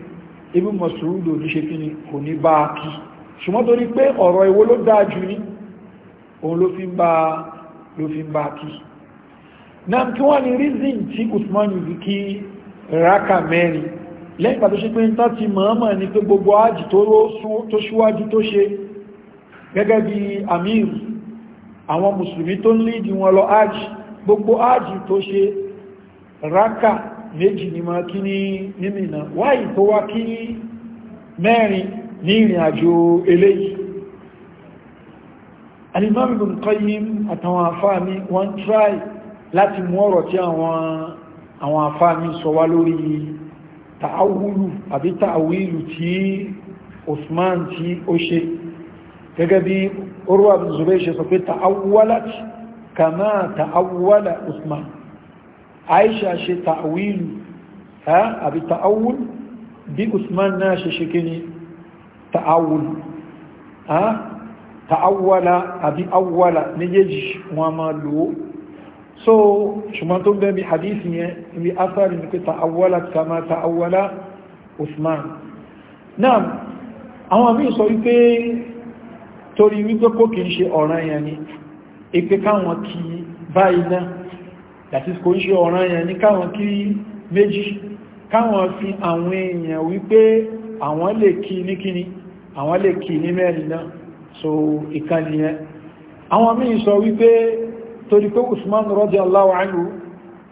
ibi mọ̀sùlùmí ní ṣe kí ni kò ní bá a kí ṣùgbọ́n torí pé ọ̀rọ̀ ìwó ló dáa jù ní òun ló fi ń bá ló fi ń bá a kí náà kí wọ́n ní reason tí Usman yìí kí rákà mẹ́rin lẹ́yìn pàtó ṣe pé ń tán ti mọ̀ọ́mọ̀ ní pé gbogbo ájì tó ṣíwájú tó ṣe gẹ́gẹ́ bí amir àwọn mùsùlùmí tó ń lídìí wọn lọ ájì gbogbo ájì tó ṣe rákà méjì ní ma kí ní mímìnà wáyì tó wá kí mẹ́rin ní ìrìn àjò eléyìí alimami bin qayyim àtàwọn afáàmí wọ́n try láti mú ọ̀rọ̀ tí àwọn afáàmí sọ wá lórí ta'awulu àbí ta'awilu tí Usman tí ó ṣe gẹ́gẹ́ bí Urwa bin Zubayr ṣe sọ pé ta'awwalat kama ta'awwala usman aisha ṣe ta'awilu àbí ta'awul bí usman náà ṣe ṣe kí ni ta'awul ta'awwala àbí awwala méjèèjì wọn máa lò so ṣùgbọ́n tó bẹ́ẹ̀ bí hadith yẹn ibi asari ní pé ta'awwala kama ta'awwala usman náà àwọn àmì sọ wípé torí wípé kò kìí ṣe ọ̀ranyàn ni ipe káwọn kí báyìí náà dàtí kò ń ṣe ọ̀ràn yẹn ní káwọn kí méjì káwọn fi àwọn èèyàn wípé àwọn lè kí ní kíní àwọn lè kí ní mẹ́rin so ìkànnì yẹn àwọn míì sọ wípé torí pé Usman radiyallahu anhu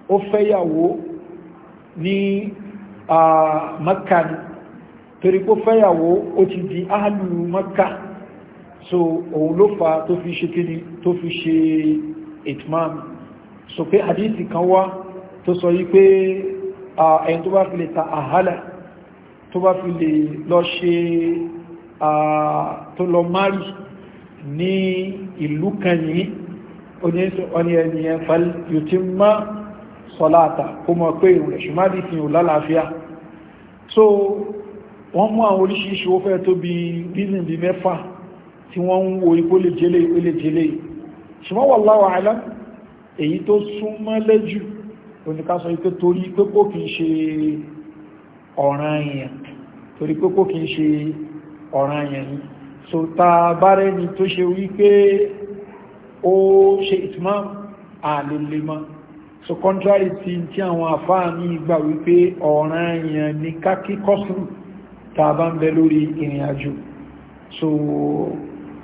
ó ní Makka ni torí pé ti di Makka so òun ló fa tó fi ṣe kéde tó fi ṣe itmam so pé hadithi kan wá tó sọ yí pé ẹni tó bá fi lè ta àhálà tó bá fi lè lọ ṣe tó lọ márì ní ìlú kan yìí oní fal yóò ti máa sọ́láàtà kó mọ̀ pé ìrùlẹ̀ ṣùgbádìí fi hàn lálàáfíà so wọ́n mú àwọn oríṣiríṣi ó fẹ́ tó bí rízìn bí mẹ́fà tí wọ́n ń wo ipò lè jẹ́lé ipò lè jẹ́lé ṣùgbọ́n wallahu alam èyí tó súnmọ́ lẹ́jù oníkásọ ipé torí pé kò kí ń ṣe ọ̀ràn èèyàn torí pé kò kí ń ṣe ọ̀ràn èèyàn ni so ta bára ẹni tó ṣe wípé ó ṣe ìtìmọ́ àlèlè mọ́ so contrary ti tí àwọn àfáà ní wípé ọ̀ràn èèyàn ní kákí kọ́sùn ta bá ń bẹ lórí ìrìn àjò so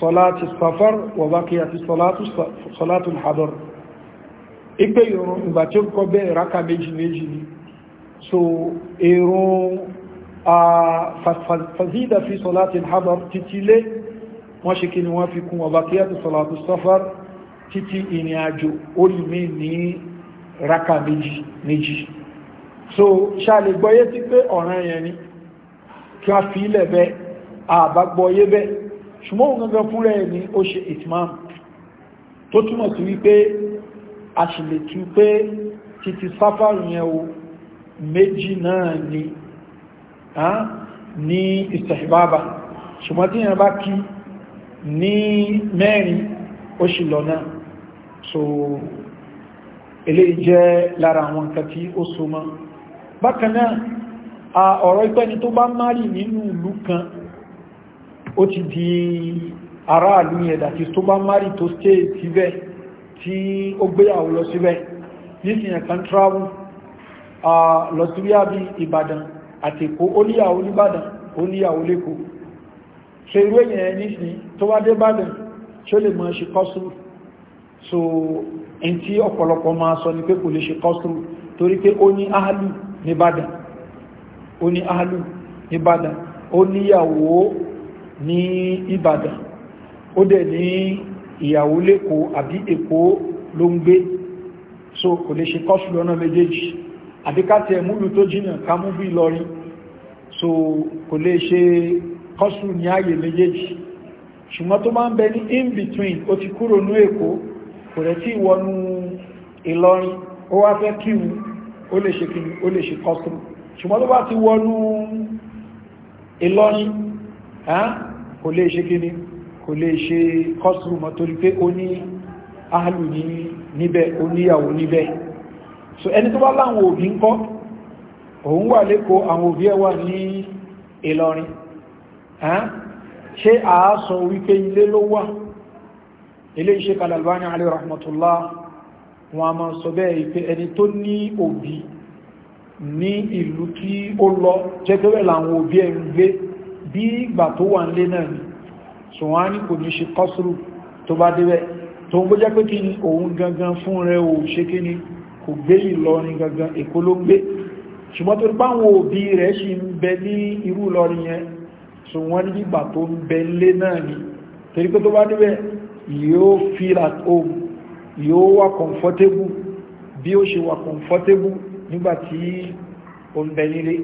sọláàtì safar wọ̀bákí àti sọláàtì hadar ipé ìrun ìgbà tí ó kọ́ bẹ́ẹ̀ ráka méjì méjì ni so ìrun fàzídà fi sọláàtì hadar títí lé wọ́n ṣe kí ni wọ́n fi kún wọ̀bákí àti sọláàtì safar títí ìrìn àjò orí mi ní ráka méjì méjì so ṣàlè gbọ́yé tí pé ọ̀ràn yẹn ni kí wọ́n fi ilẹ̀ bẹ́ẹ̀ àbágbọ́yé bẹ́ẹ̀ ṣùgbọ́n òun fúnra ẹ̀ ni ó ṣe itmam tó túmọ̀ sí wípé a sì lè tú pé títí sáfàrù yẹn o méjì náà ni ní istihbaba ṣùgbọ́n tí yẹn bá kí ní mẹ́rin ó sì lọ náà so eléyìí jẹ́ lára àwọn nǹkan tí ó so mọ́ ọ̀rọ̀ ìpẹ́ni tó bá márì nínú ìlú kan ó ti di aráàlú yẹn dàti tó bá mari tó sté síbẹ̀ tí ó gbéyàwó lọ síbẹ̀ nísìnyàn kan travel lọ sí bí i Ìbàdàn àtèkó ó níyàwó níbàdàn ó níyàwó lẹ́kọ̀ọ́ ṣe irú èyàn nísìnyí tó wá dé Ìbàdàn tí ó lè mọ́ ṣe kọ́sùrù so ẹn tí ọ̀pọ̀lọpọ̀ máa sọ ní pé kò lè ṣe kọ́sùrù torí pé ó ní áhàlù níbàdàn ó ní áhàlù níbàdàn ó níyàwó ní Ìbàdàn ó dẹ̀ ní ìyàwó lẹ́kọ̀ọ́ àbí Èkó ló ń gbé so kò lè ṣe kọ́sù lọ́nà méjèèjì àbí káti ẹ̀múlù tó jìnà ká mú bí lọrin so kò lè ṣe kọ́sù ní ààyè méjèèjì ṣùgbọ́n tó máa ń bẹ ní in between ó ti kúrò ní Èkó kò rẹ̀ tí wọnú Ìlọrin ó wá fẹ́ kíwù ó lè ṣe kíwù ó lè ṣe kọ́sù ṣùgbọ́n tó bá ti wọnú Ìlọrin kò lè ṣe kíní kò lè ṣe kọ́sùrù mọ́ torí pé ó ní áhàlù níbẹ̀ ó níyàwó níbẹ̀ so ẹni tó bá láwọn òbí ń kọ́ òun wà lẹ́kọ́ àwọn òbí ẹ̀ wà ní Ìlọrin ṣe àásọ wípé ilé ló wà ilé iṣẹ́ kalalbani alayhi rahmatullah wọn a máa sọ bẹ́ẹ̀ ìpé ẹni tó ní òbí ní ìlú tí ó lọ jẹ́ tó òbí ẹ̀ ń gbé bí ìgbà tó wà nílé náà ni ṣùgbọ́n á ní kò ní ṣe kọ́sùrù tó bá débẹ̀ tó ń gbójẹ́ pé kí ni òun gangan fún rẹ̀ ò ṣe kí ni kò gbé ìlọrin gangan èkó ló gbé ṣùgbọ́n tó báwọn òbí rẹ̀ ṣì ń bẹ ní irú lọrin yẹn ṣùgbọ́n ní ìgbà tó ń bẹ nílé náà ni torí pé tó bá débẹ̀ yóò feel at home yóò wà comfortable bí ó ṣe wà comfortable nígbàtí ó ń bẹ nílé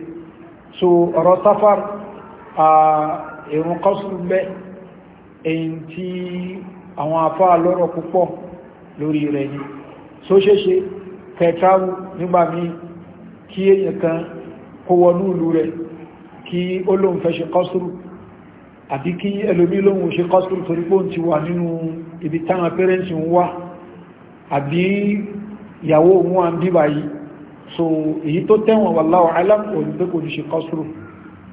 so ọ̀rọ̀ safar èrùn kọ́sùn bẹ́ èyí tí àwọn afá lọ́rọ̀ púpọ̀ lórí rẹ̀ ni so ṣeṣe kẹtàwù nígbà mí kí èyàn kan kó wọnú ìlú rẹ̀ kí ó lóun fẹ́ ṣe kọ́sùrù àbí kí ẹlòmí lóun ṣe kọ́sùrù torí pé ti wà nínú ibi táwọn pẹ́rẹ́ǹtì ń wá àbí ìyàwó òun wà ń bíbà yìí so èyí tó tẹ́wọ̀n wallahu alam òun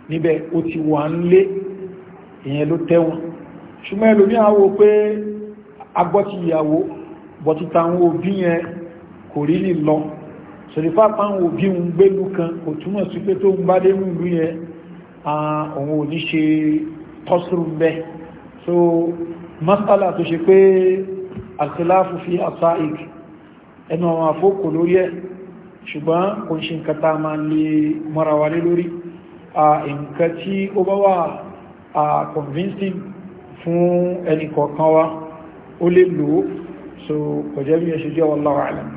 níbẹ̀ ó ti wà ń lé ìyẹn ló tẹ́wọ̀n ṣùgbọ́n ẹlòmí àwọ pé agbọ́tí ìyàwó bọ̀títà àwọn òbí yẹn kò rí lè lọ sọ̀rífà páwọn òbí ń gbélú kan kò túmọ̀ sí pé tó ń bá dé nílùú yẹn àwọn ò ní ṣe tọ́sùrù bẹ́ẹ̀ so masala tó ṣe pé àtìláàfù fi àṣà ìgbì ẹnu àwọn àfókò lórí ẹ̀ ṣùgbọ́n kò ṣe nǹkan tá a máa lè mọ́ra wa lé lórí nǹkan tí ó bá wà convincing fún ẹni kọ̀ọ̀kan wa ó lè lò ó so kọjẹ́ bí ẹṣe jẹ́ wallahu a'lam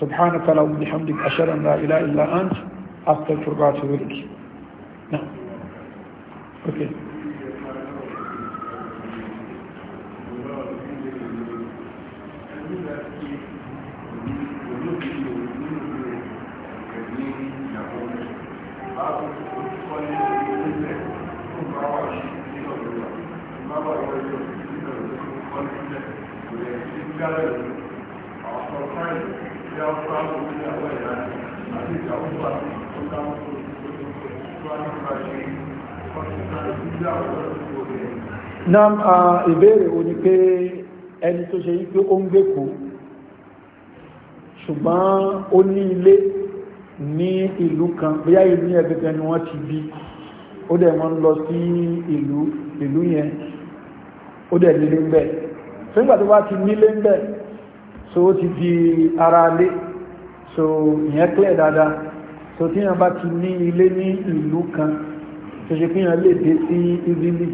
subhanaka allahumma bihamdik ashhadu an la ilaha illa ant astaghfiruka wa No. okay jáde àwọn ọ̀sán ìdí ọ̀sán orí àwọn ẹ̀yà àti ìjàwọ́gbà ìbéèrè o ni pé ẹni tó ṣe yí pé ó ń gbèkó ṣùgbọ́n ó ní ilé ní ìlú kan bóyá ìlú yẹn gẹ́gẹ́ ni wọ́n ti bí ó dẹ̀ mọ́ ń lọ sí ìlú ìlú yẹn ó dẹ̀ nílé ń bẹ́ẹ̀ nígbà tó bá ti nílé ń bẹ̀ so ó ti di ara lé so ìyẹn clear dáadáa so tí yẹn bá ti ní ilé ní ìlú kan tó ṣe pínyàn lè dé sí ìdílé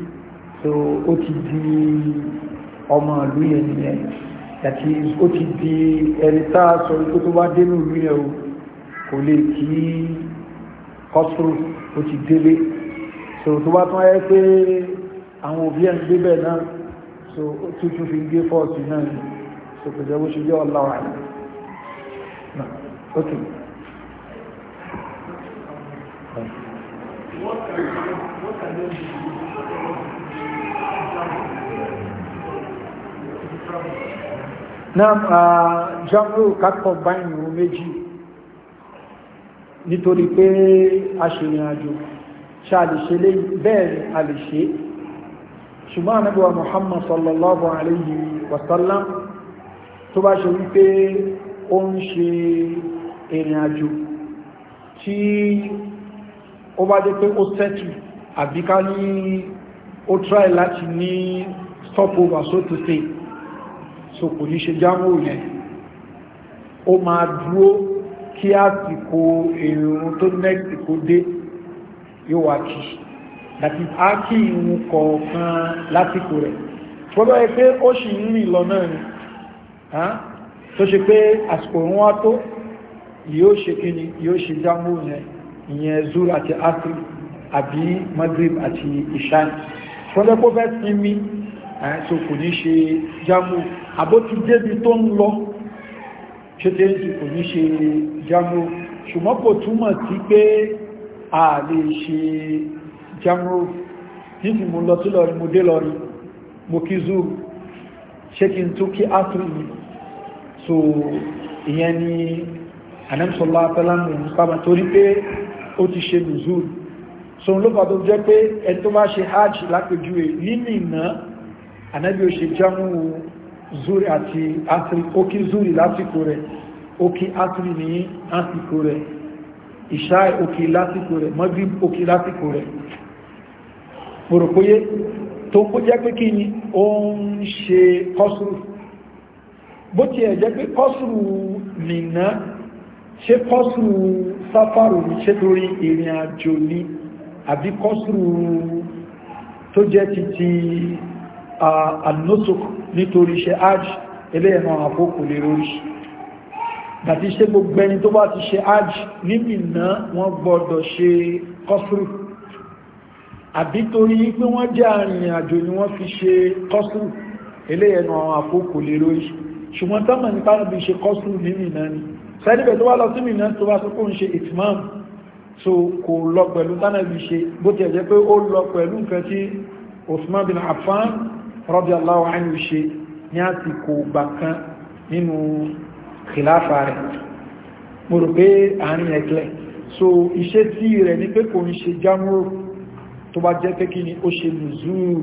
so ó ti di ọmọ ìlú yẹn nìyẹn àti ó ti di ẹni tá a sọ ikú tó bá dé ní ìlú yẹn o kò lè kí kọ́sùrù ó ti délé so tó bá tún ayẹ́ pé àwọn òbí ẹ̀ ń gbé bẹ́ẹ̀ náà so tuntun fi gé fọ́ọ̀tì náà ni so kò jẹ́ bó ṣe jẹ́ ọláwà rẹ̀ ok náà jambo kakọ̀ báyìí ohun méjì nítorí pé a ṣe ìrìn ṣe a lè ṣe lẹ́yìn bẹ́ẹ̀ a lè ṣe é ṣùgbọ́n ànábì wa muhammad sallallahu alayhi wasallam, sallam tó bá ṣe wípé ó ń ṣe ìrìn àjò tí ó bá dé pé ó tẹ́tù àbí ká ní ó try láti ní stopover so to say so kò ní ṣe jámù yẹn ó máa dúró kí àsìkò èrò tó next kó dé yóò wá kìí láti ákí ìrun kọ̀ọ̀kan lásìkò rẹ̀ gbọ́dọ̀ ẹ pé ó sì ń rìn lọ náà ni tó ṣe pé àsìkò òun wá tó yóò ṣe kíni yóò ṣe jámù yẹn ìyẹn zul àti asri àbí magrib àti ishan gbọ́dọ̀ kó fẹ́ sinmi so kò ní ṣe jámù àbó ti débi tó ń lọ ṣe tẹ́ǹtì kò ní ṣe jámù ṣùgbọ́n kò túmọ̀ sí pé a lè ṣe jamro nífi mo lọ sí lọrin mo dé lọrin mo kí zoo ṣé kí n tó kí atri so ìyẹn ni anamsọlá apẹlámù sábà torí pé ó ti ṣe nùzúù so ló bá tó jẹ́ pé ẹni tó bá ṣe hajj lápèjúwe nínú ìná anábí ó ṣe jámù zuri àti atri ókí zuri lásìkò rẹ̀ ókí atri ní àsìkò rẹ̀ ìṣáì ókí lásìkò rẹ̀ mọ́gbí ókí lásìkò rẹ̀ pòròpóyé tó kó jẹ́ pé kí ni ó ń ṣe kọ́sùrù bó ti ẹ̀ jẹ́ pé kọ́sùrù nìna ṣe kọ́sùrù sáfàrù ṣe torí ìrìn àjò ní àbí kọ́sùrù tó jẹ́ ti ti ànótòkù nítorí ṣe aj ẹlẹ́ẹ̀nà àpókò lè rórí bàtí ṣe gbogbo ẹni tó bá ti ṣe aj ní Mínà wọ́n gbọ́dọ̀ ṣe kọ́sùrù àbí torí pé wọ́n jẹ́ arìnrìn àjò ni wọ́n fi ṣe kọ́sùn eléyẹnu àwọn àkókò lè lórí ṣùgbọ́n tọ́mà nípa níbi ṣe kọ́sùn ní mìíràn ni sẹ́díbẹ̀ tó wá lọ sí mìíràn tó wá sọ pé ó ń ṣe itmam so kò lọ pẹ̀lú tánàbí ṣe bó ti ẹ̀jẹ́ pé ó lọ pẹ̀lú nǹkan tí Usman bin Affan radiyallahu anhu ṣe ní àsìkò gbà kan nínú khilafa rẹ̀ mo rò pé àárín ẹ̀kẹ́ so iṣẹ́ tí rẹ̀ ni pé kò ń ṣe jámúrò tó bá jẹ́ pé kí ni ó ṣe lùzúù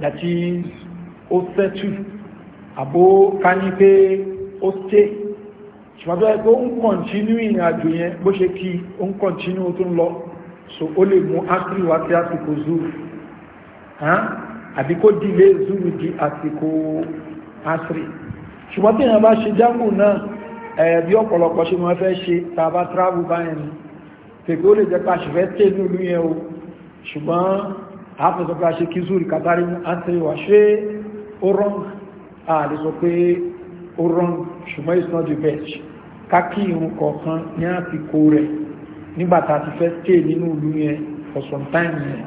dàtí ó sẹ́tù àbó ká ní pé ó tẹ́ ṣùgbọ́n tó pé ó ń kọ̀ntínú ìrìn àjò yẹn bó ṣe kí ó ń kọ̀ntínú tó ń lọ so ó lè mú ákìrì wá sí àsìkò zúù àbí kó dìlé zúù di àsìkò àsìrì ṣùgbọ́n tí èèyàn bá ṣe jámù náà ẹ̀ẹ̀bí ọ̀pọ̀lọpọ̀ ṣe mọ́ fẹ́ ṣe tàbá tíráàbù báyẹn ni pèpè ó lè jẹ́ pàṣẹ fẹ́ tẹ́ nílùú yẹn o ṣùgbọ́n àfẹ́sọ́pá ṣe kí zuri katari antoni wà ṣe ó rọ́n ààrẹ sọ pé ó rọ́n ṣùgbọ́n it's not the best kákí irun kọ̀ọ̀kan ní àsìkò rẹ̀ nígbàtà ti fẹ́ stay nínú ìlú yẹn for some time yẹn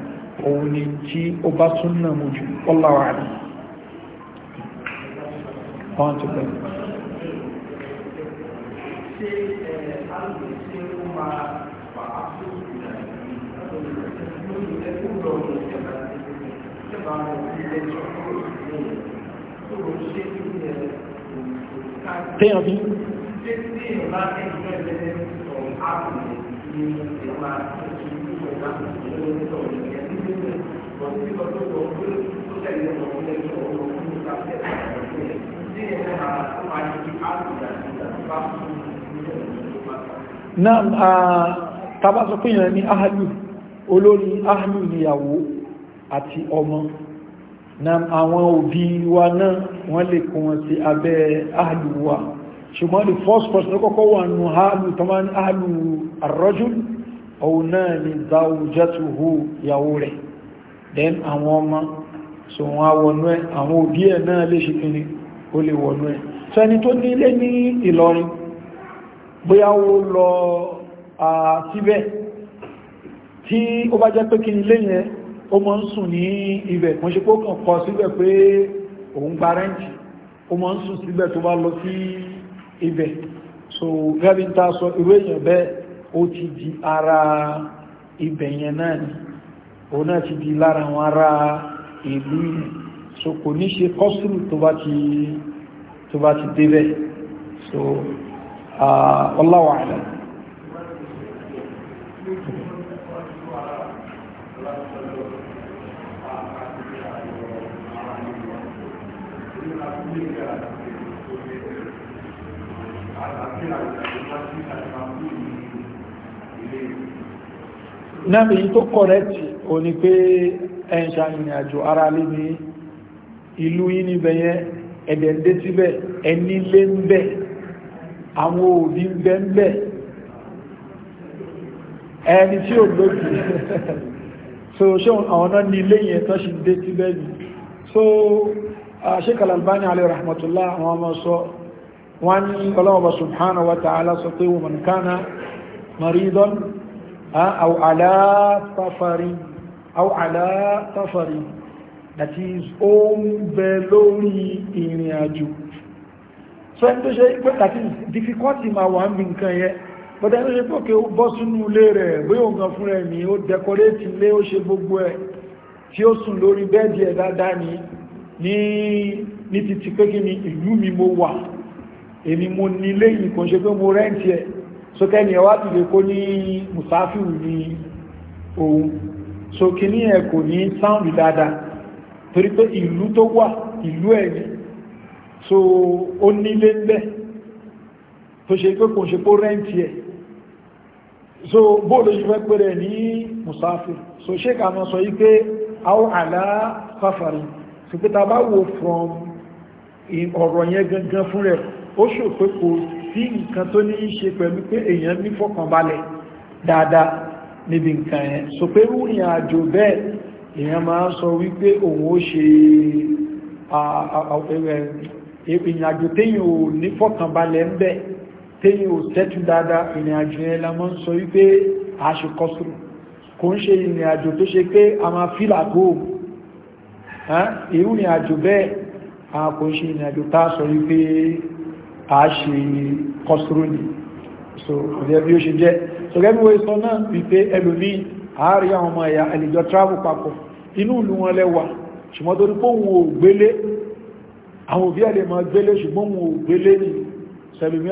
òun ni tí ó bá tún náà mojú ọláwà rẹ̀ wọ́n ti téèyàn bí. náà ah, tàbá sọ pé ìrìn ní ahàlù olórin ahàlù ìyàwó àti ọmọ na àwọn òbí wa náà wọ́n lè kún wọn sí abẹ́ áàlù wa ṣùgbọ́n the first person kọ́kọ́ wà nù áàlù tọ́mọ́ áàlù àrọ́jú òun náà ni zawjatuhu ìyàwó rẹ̀ then àwọn ọmọ so wọn a wọnú ẹ àwọn òbí ẹ náà lè ṣe kíni ó lè wọnú ẹ so ẹni tó ní ilé ní Ìlọrin bóyá ó lọ síbẹ̀ tí ó bá jẹ́ pé kí ilé yẹn ó mọ́ ń sùn ní ibẹ̀ kan ṣe pó kàn kọ síbẹ̀ pé òun gba rẹ́ǹtì ó mọ́ ń sùn síbẹ̀ tó bá lọ sí ibẹ̀ so gẹ́bí ta sọ irú èèyàn bẹ́ẹ̀ ó ti di ara ibẹ̀ yẹn náà ni òun náà ti di lára àwọn ará ìlú yẹn so kò ní ṣe kọ́sùrù tó bá ti débẹ̀ so uh, wallahu náàbí tó kọ̀rẹ́tì o ní pé ẹ̀ṣà ìrìnàjò ara lè ní ìlú yìí níbẹ̀ yẹn ẹ̀dẹ̀ndé síbẹ̀ ẹni lé ń bẹ̀ àwọn òbí ń bẹ̀ ń bẹ̀ ẹni tí ò lójú so ṣe àwọn náà ní ilé yẹn tó ṣe dé síbẹ̀ Ah, Sheikh Al-Albani alayhi rahmatullah àwọn ọmọ sọ wọ́n ní ọlọ́wọ́ subhanahu wa ta'ala sọ pé wọ́n kánà maridon ah, aw ala that is ó ń lórí ìrìn àjò so ẹni tó ṣe pé that is difficulty ma wà ń bí nǹkan yẹn bọ́dá ló ṣe pọ́kẹ́ ó bọ́ sínú ilé rẹ̀ bí ó gan fún ẹ̀mí ó dẹkọrétì ilé ó ṣe gbogbo ẹ̀ tí ó sùn lórí bẹ́ẹ̀dì ẹ̀ dáadáa ni ní ní títí pé ni ìlú mi mo wà èmi mo ní léyìn kò ṣe pé mo rẹ́ǹtì ẹ̀ sókẹ́ ni ẹwà ti lè kó ní musafiru ní òun so kí ní ẹ̀ kò ní sáùndì dáadáa torí pé ìlú tó wà ìlú ẹ̀ ni so ó nílé ń bẹ̀ tó ṣe pé kò ṣe pé rẹ́ǹtì ẹ̀ so bóòlù yìí fẹ́ pẹ̀rẹ̀ ní musafiru so ṣé kà mọ́ sọ yí pé àwọn àlá sáfàrin ṣùgbọ́n tá a bá wo from ọ̀rọ̀ yẹn gangan fún rẹ̀ ó ṣò pé kò sí nǹkan tó ní í ṣe pẹ̀lú pé èèyàn ní fọkànbalẹ̀ dáadáa níbi nǹkan yẹn so pé rúrin àjò bẹ́ẹ̀ èèyàn máa ń sọ wípé òun ó ṣe ìrìn àjò téyìn ò ní fọkànbalẹ̀ ń bẹ̀ téyìn ò tẹ́tù dáadáa ìrìn àjò yẹn la máa ń sọ wípé a ṣe kọ́sùrù kò ń ṣe ìrìn àjò tó ṣe pé a máa fílà kóòmù irú ni àjò bẹ́ẹ̀ àkò ṣe ìrìn àjò tá sọ wípé a ṣe kọsùrù ní so ọ̀dẹ́ bí ó ṣe jẹ́ so gẹ́bí wo sọ náà wípé ẹlòmí àárí àwọn ọmọ ẹ̀yà ẹlẹ́jọ travel papọ̀ inú ìlú wọn lẹ́wà ṣùgbọ́n torí pé òun ò gbélé àwọn òbí ẹ̀lẹ́ máa ní sẹlòmí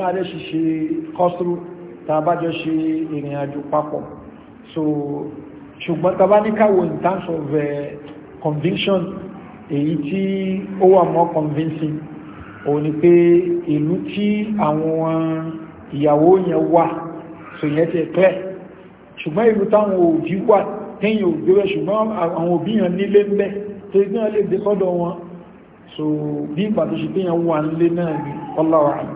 so ṣùgbọ́n tá a bá ní in terms of uh, conviction èyí tí ó wà mọ́ convincing òun ni pé ìlú tí àwọn ìyàwó yẹn wà so yẹn ti clear ṣùgbọ́n ìlú táwọn òbí wà tẹ́yìn òbí rẹ̀ ṣùgbọ́n àwọn òbí yẹn nílé ń bẹ́ tó igbá lè dé kọ́dọ̀ wọn so bí ìgbà tó ṣe pé yẹn wà nílé náà ni ọláwà àmì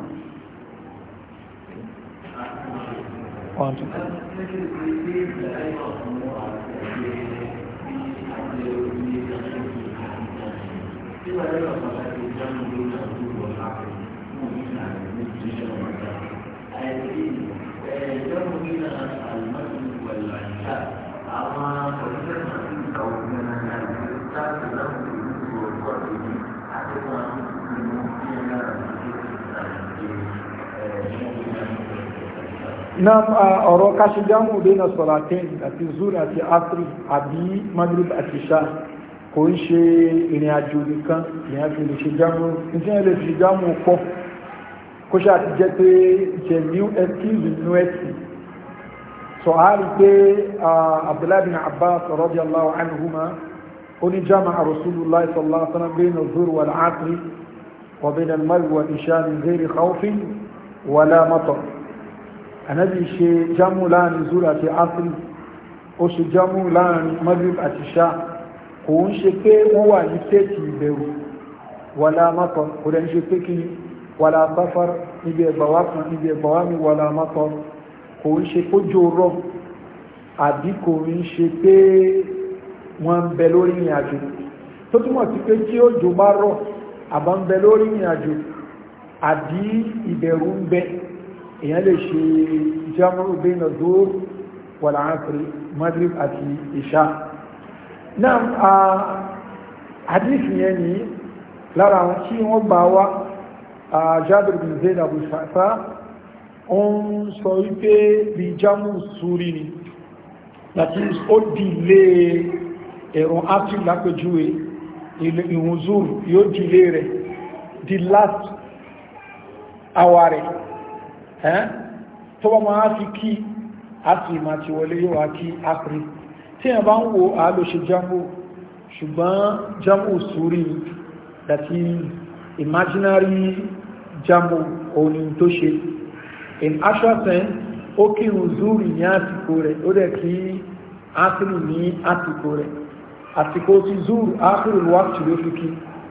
ọ̀tún Nam ọ̀rọ̀ kashidamu dé na sọ̀rọ̀ àti àti zuri àti afri àbí magrib àti shah kò ń ṣe ìrìn àjò nìkan ìrìn àjò lè ṣe jámù ìṣẹ́ lè fi jámù pọ̀ kó ṣe àti jẹ́ pé jẹ́ new excuse new excuse so a rí pé abdullahi bin abbas radiyallahu anhuma ó ní jama rasulullah sallallahu alaihi wasallam bayna zuhr wal asr wa bayna al-maghrib wal isha min ghairi khawfin wala ṣe jámù láàrin zuhr àti asr ó ṣe jámù láàrin maghrib àti isha kò ń ṣe pé wọ́n wà ní tẹ́ẹ̀tì ìbẹ̀rù wàlá mọ́tọ̀ kò dẹ̀ ń ṣe pé kí wàlá sáfar níbi ẹgbàwá kan níbi ẹgbàwá mi wàlá mọ́tọ̀ kò ń ṣe kójú rọ̀ àbí kò ń ṣe pé wọ́n ń bẹ lórí ìrìn àjò tó túmọ̀ sí pé tí òjò bá rọ̀ àbá ń bẹ lórí ìrìn àjò àbí ìbẹ̀rù ń bẹ èyàn lè ṣe jámọ́rù bẹ́ẹ̀ náà dóòrò wàlá àti ìṣá náà hadith yẹn ni lára àwọn tí wọ́n gbà wá Jabir bin Zayd Abu Sa'sa ó ń sọ wípé bí jámù sórí ni that is ó dìlé ẹ̀rùn ápì lápẹjúwe ìwọ̀n zuru yóò dìlé rẹ̀ the last hour rẹ̀ tó bá máa fi kí á sì ti wọlé yóò wá kí ápì tí ẹ bá ń wo àálò ṣe jambo ṣùgbọ́n jambo sórí dàti imaginary jambo òní tó ṣe in actual sense ó kírun zúrì ní àsìkò rẹ̀ ó dẹ̀ kí áfìrì ní àsìkò rẹ̀ àsìkò ti zúrì áfìrì wákìtì ló fi kí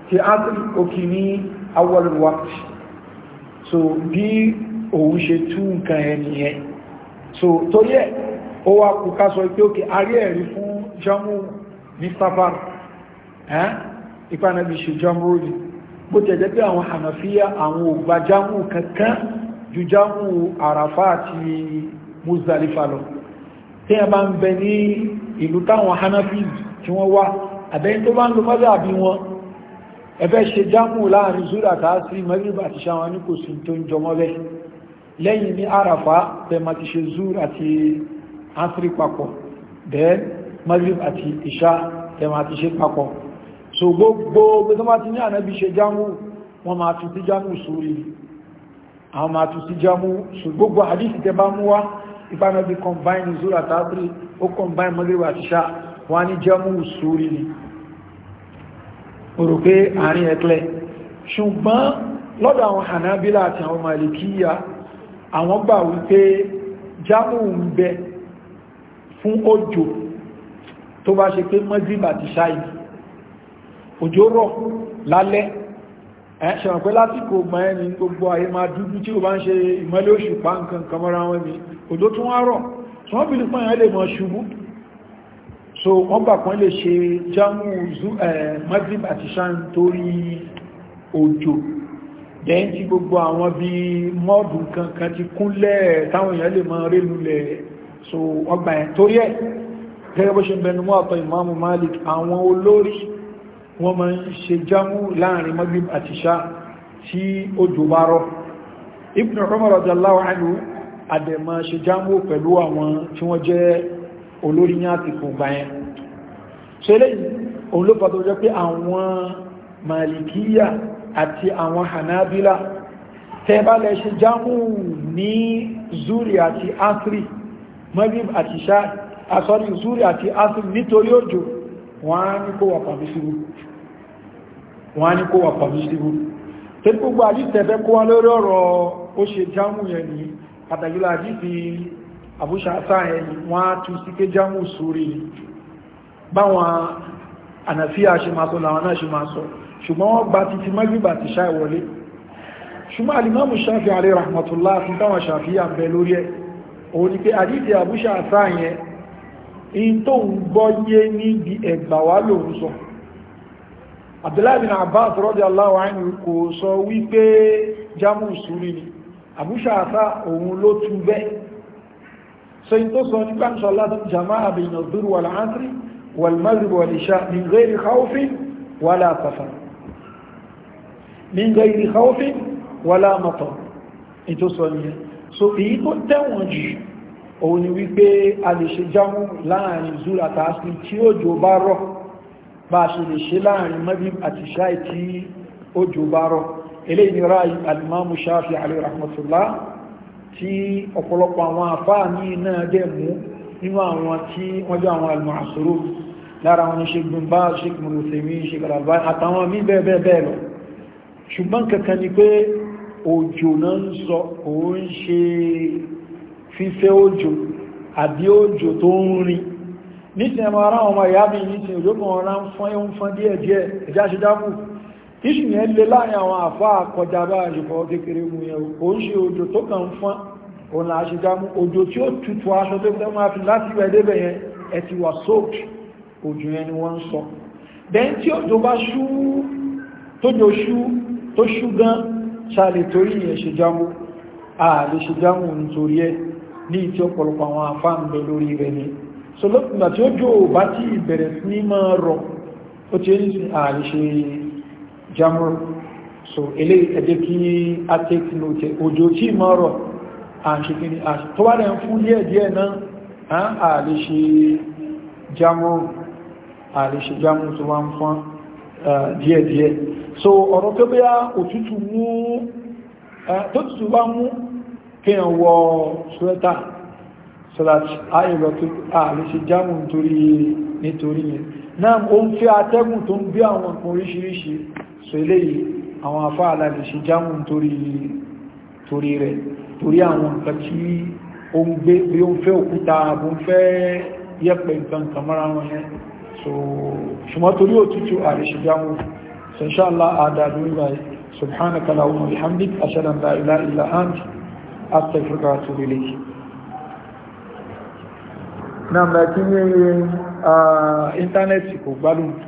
ti áfìrì ó kí ní awọ́lù wákìtì so bí òun ṣe tú nǹkan ẹnìyẹn so torí ẹ̀ ó wá kú ká sọ pé òkè arí ẹ̀rí fún jamu ní safar ipa nàbí ṣe jamu rí bó tẹ̀jẹ́ pé àwọn hànàfíà àwọn ògbà jamu kankan ju jamu àràfà àti muzdalifa lọ tí a bá ń bẹ ní ìlú táwọn hànàfí tí wọ́n wá àbẹ́yìn tó bá ń lo mọ́lá àbí wọn ẹ̀fẹ́ ṣe jámù láàrin zúrà tàá mẹ́rìnbà àti ṣàwọn ní tó ń jọmọ́ lẹ́yìn ní àràfà bẹ́ẹ̀ ma ti ṣe zúrà àti asiri papọ̀ then magrib àti isha tẹ́mà àti ṣe papọ̀ so gbogbo gbogbo ma ti ní ànábì ṣe jámù wọ́n máa tún sí jámù sórí àwọn máa tún sí jámù so gbogbo hadith tẹ́ bá mú wá ìbánabi combine zura tàbí ó combine magrib àti isha wọ́n ní jámù sórí ni orò pé àárín ẹ̀klẹ̀ ṣùgbọ́n lọ́dọ̀ àwọn hanabila àti àwọn malikiya àwọn gbà wípé jámù ń bẹ fún òjò tó bá ṣe pé mọ́gírìbà ti ṣáì òjò rọ̀ lálẹ́ ẹ̀ṣẹ̀wọ̀n pé lásìkò mọ̀ ẹni gbogbo ayé máa dúdú tí ó bá ń ṣe ìmọ́lẹ̀ oṣù pa nǹkan kamara wọn ni òjò tún wá rọ̀ tí wọ́n bìí pọ̀nyẹ́ lè mọ̀ ṣubú so wọ́n gbà kan lè ṣe jámù mọ́gírìbà ti ṣáì torí òjò dẹ́yìn tí gbogbo àwọn bí mọ́ọ̀dù kankan ti kúnlẹ̀ táwọn èèyàn lè mọ́ rélulẹ̀ so ọgbà ẹ̀ torí ẹ̀ gẹ́gẹ́ bó ṣe bẹnu mọ́ àtọ ìmáàmù Malik àwọn olórí wọ́n máa ń ṣe jámù láàrin Maghrib àti ṣá tí òjò bá rọ̀ Ibn Umar radiyallahu anhu àdẹ̀mà ṣe jámù pẹ̀lú àwọn tí wọ́n jẹ́ olórí ní àtìkù gbà yẹn ṣe lẹ́yìn òun ló fàtó jẹ́ pé àwọn Malikiya àti àwọn Hanabila tẹ́bálẹ̀ ṣe jámù ní zuri àti asri magrib àti ṣá asọ́rí ìsúrí àti asìl nítorí òjò wọ́n á ní kó wà pàmísíwú tí gbogbo àjíṣẹ́ fẹ́ kó wá lórí ọ̀rọ̀ ó ṣe jámù yẹn ní pàtàkìlá àjíṣẹ́ àbúṣàṣà ẹni wọ́n á tún sí ké jámù sórí báwọn ànàfíà ṣe máa sọ làwọn náà ṣe máa sọ ṣùgbọ́n wọ́n gba títí magrib òun ni pé àdíjẹ àbúṣà sáàyẹn in tó ń gbọ́ yé níbi ẹ̀gbà wá lòun sọ Abdullahi bin Abbas radiyallahu anhu kò sọ wípé jámù sùúrì ni àbúṣà sá òun ló tú bẹ́ẹ̀ so in tó sọ nípa ń sọ láti jama'a bayna dhur wal so èyí tó tẹ́wọ̀n jù òun ni wípé a lè ṣe jámù láàrin zura tààsì tí òjò bá rọ̀ bá a ṣe lè ṣe láàrin maghrib àti ṣáì tí òjò bá rọ̀ eléyìí ni ráyì alimamu shafi alayhi rahmatullah tí ọ̀pọ̀lọpọ̀ àwọn àfáà ní iná dẹ̀ mú nínú àwọn tí wọ́n jẹ́ àwọn alìmọ̀sòrò lára wọn ṣe gbùnbá ṣe kùnrùsèmí ṣe kàlàbá àtàwọn mí bẹ́ẹ̀ bẹ́ẹ̀ lọ ṣùgbọ́n kankan ni pé òjò náà ń sọ kò ń ṣe fífẹ́ òjò àbí òjò tó ń rin nítìí ẹmọ ara ọmọ ìyá mi nítìí òjò kan ọ̀rá ń fọ́n ń fọ́n díẹ̀ díẹ̀ ẹjá ṣe dákù iṣù yẹn lè láàrin àwọn àfá àkọjá bá àṣìfọ́ kékeré mú yẹn kò ń ṣe òjò tó kàn ń fọ́n òun là ṣe dámú òjò tí ó tutù aṣọ tó fẹ́ máa fi láti ìwẹ̀ débẹ̀ yẹn ẹ ti wà soaked òjò yẹn ni wọ́n ń sọ bẹ́ẹ̀ tí òjò bá ṣú tó jò ṣú tó ṣú gan ṣáàlè torí ìyẹn ṣe jámú ààlè ṣe jámú nítorí ẹ ní ìtí ọ̀pọ̀lọpọ̀ àwọn afá ń bẹ lórí rẹ̀ ni so lọ́pùnà tí ó jò bá tí ìbẹ̀rẹ̀ ní máa rọ̀ ó ti ń sin ààlè ṣe jámú so ilé ẹjẹ́ kí a take note òjò tí máa rọ̀ àṣekiri tó bá rẹ̀ ń fún díẹ̀ díẹ̀ náà ààlè ṣe jámú ààlè ṣe jámú tó wá ń fún díẹ̀díẹ̀ so ọ̀rọ̀ pé bóyá òtútù mú tó tútù bá mú kí n wọ ṣúrẹ́tà sọ́láti ayẹ̀lọ tó ààrẹ ṣe jámù nítorí yẹn náà o ń fẹ́ atẹ́gùn tó ń bí àwọn nǹkan oríṣiríṣi so eléyìí àwọn afá aláàrẹ ṣe jámù torí rẹ̀ torí àwọn nǹkan tí ó ń gbé bí ó ń fẹ́ òkúta àbúnfẹ́ yẹ́pẹ̀ nǹkan kàmọ́ra wọn yẹn so ṣùgbọ́n torí òtútù àríṣìdámú so insha Allah àdàdú ìbáyé subhanaka allahumma bihamdik ashhadu an la ilaha illa anta astaghfiruka wa atubu ilayk náà mẹ́kí ní íńtánẹ́ẹ̀tì kò gbádùn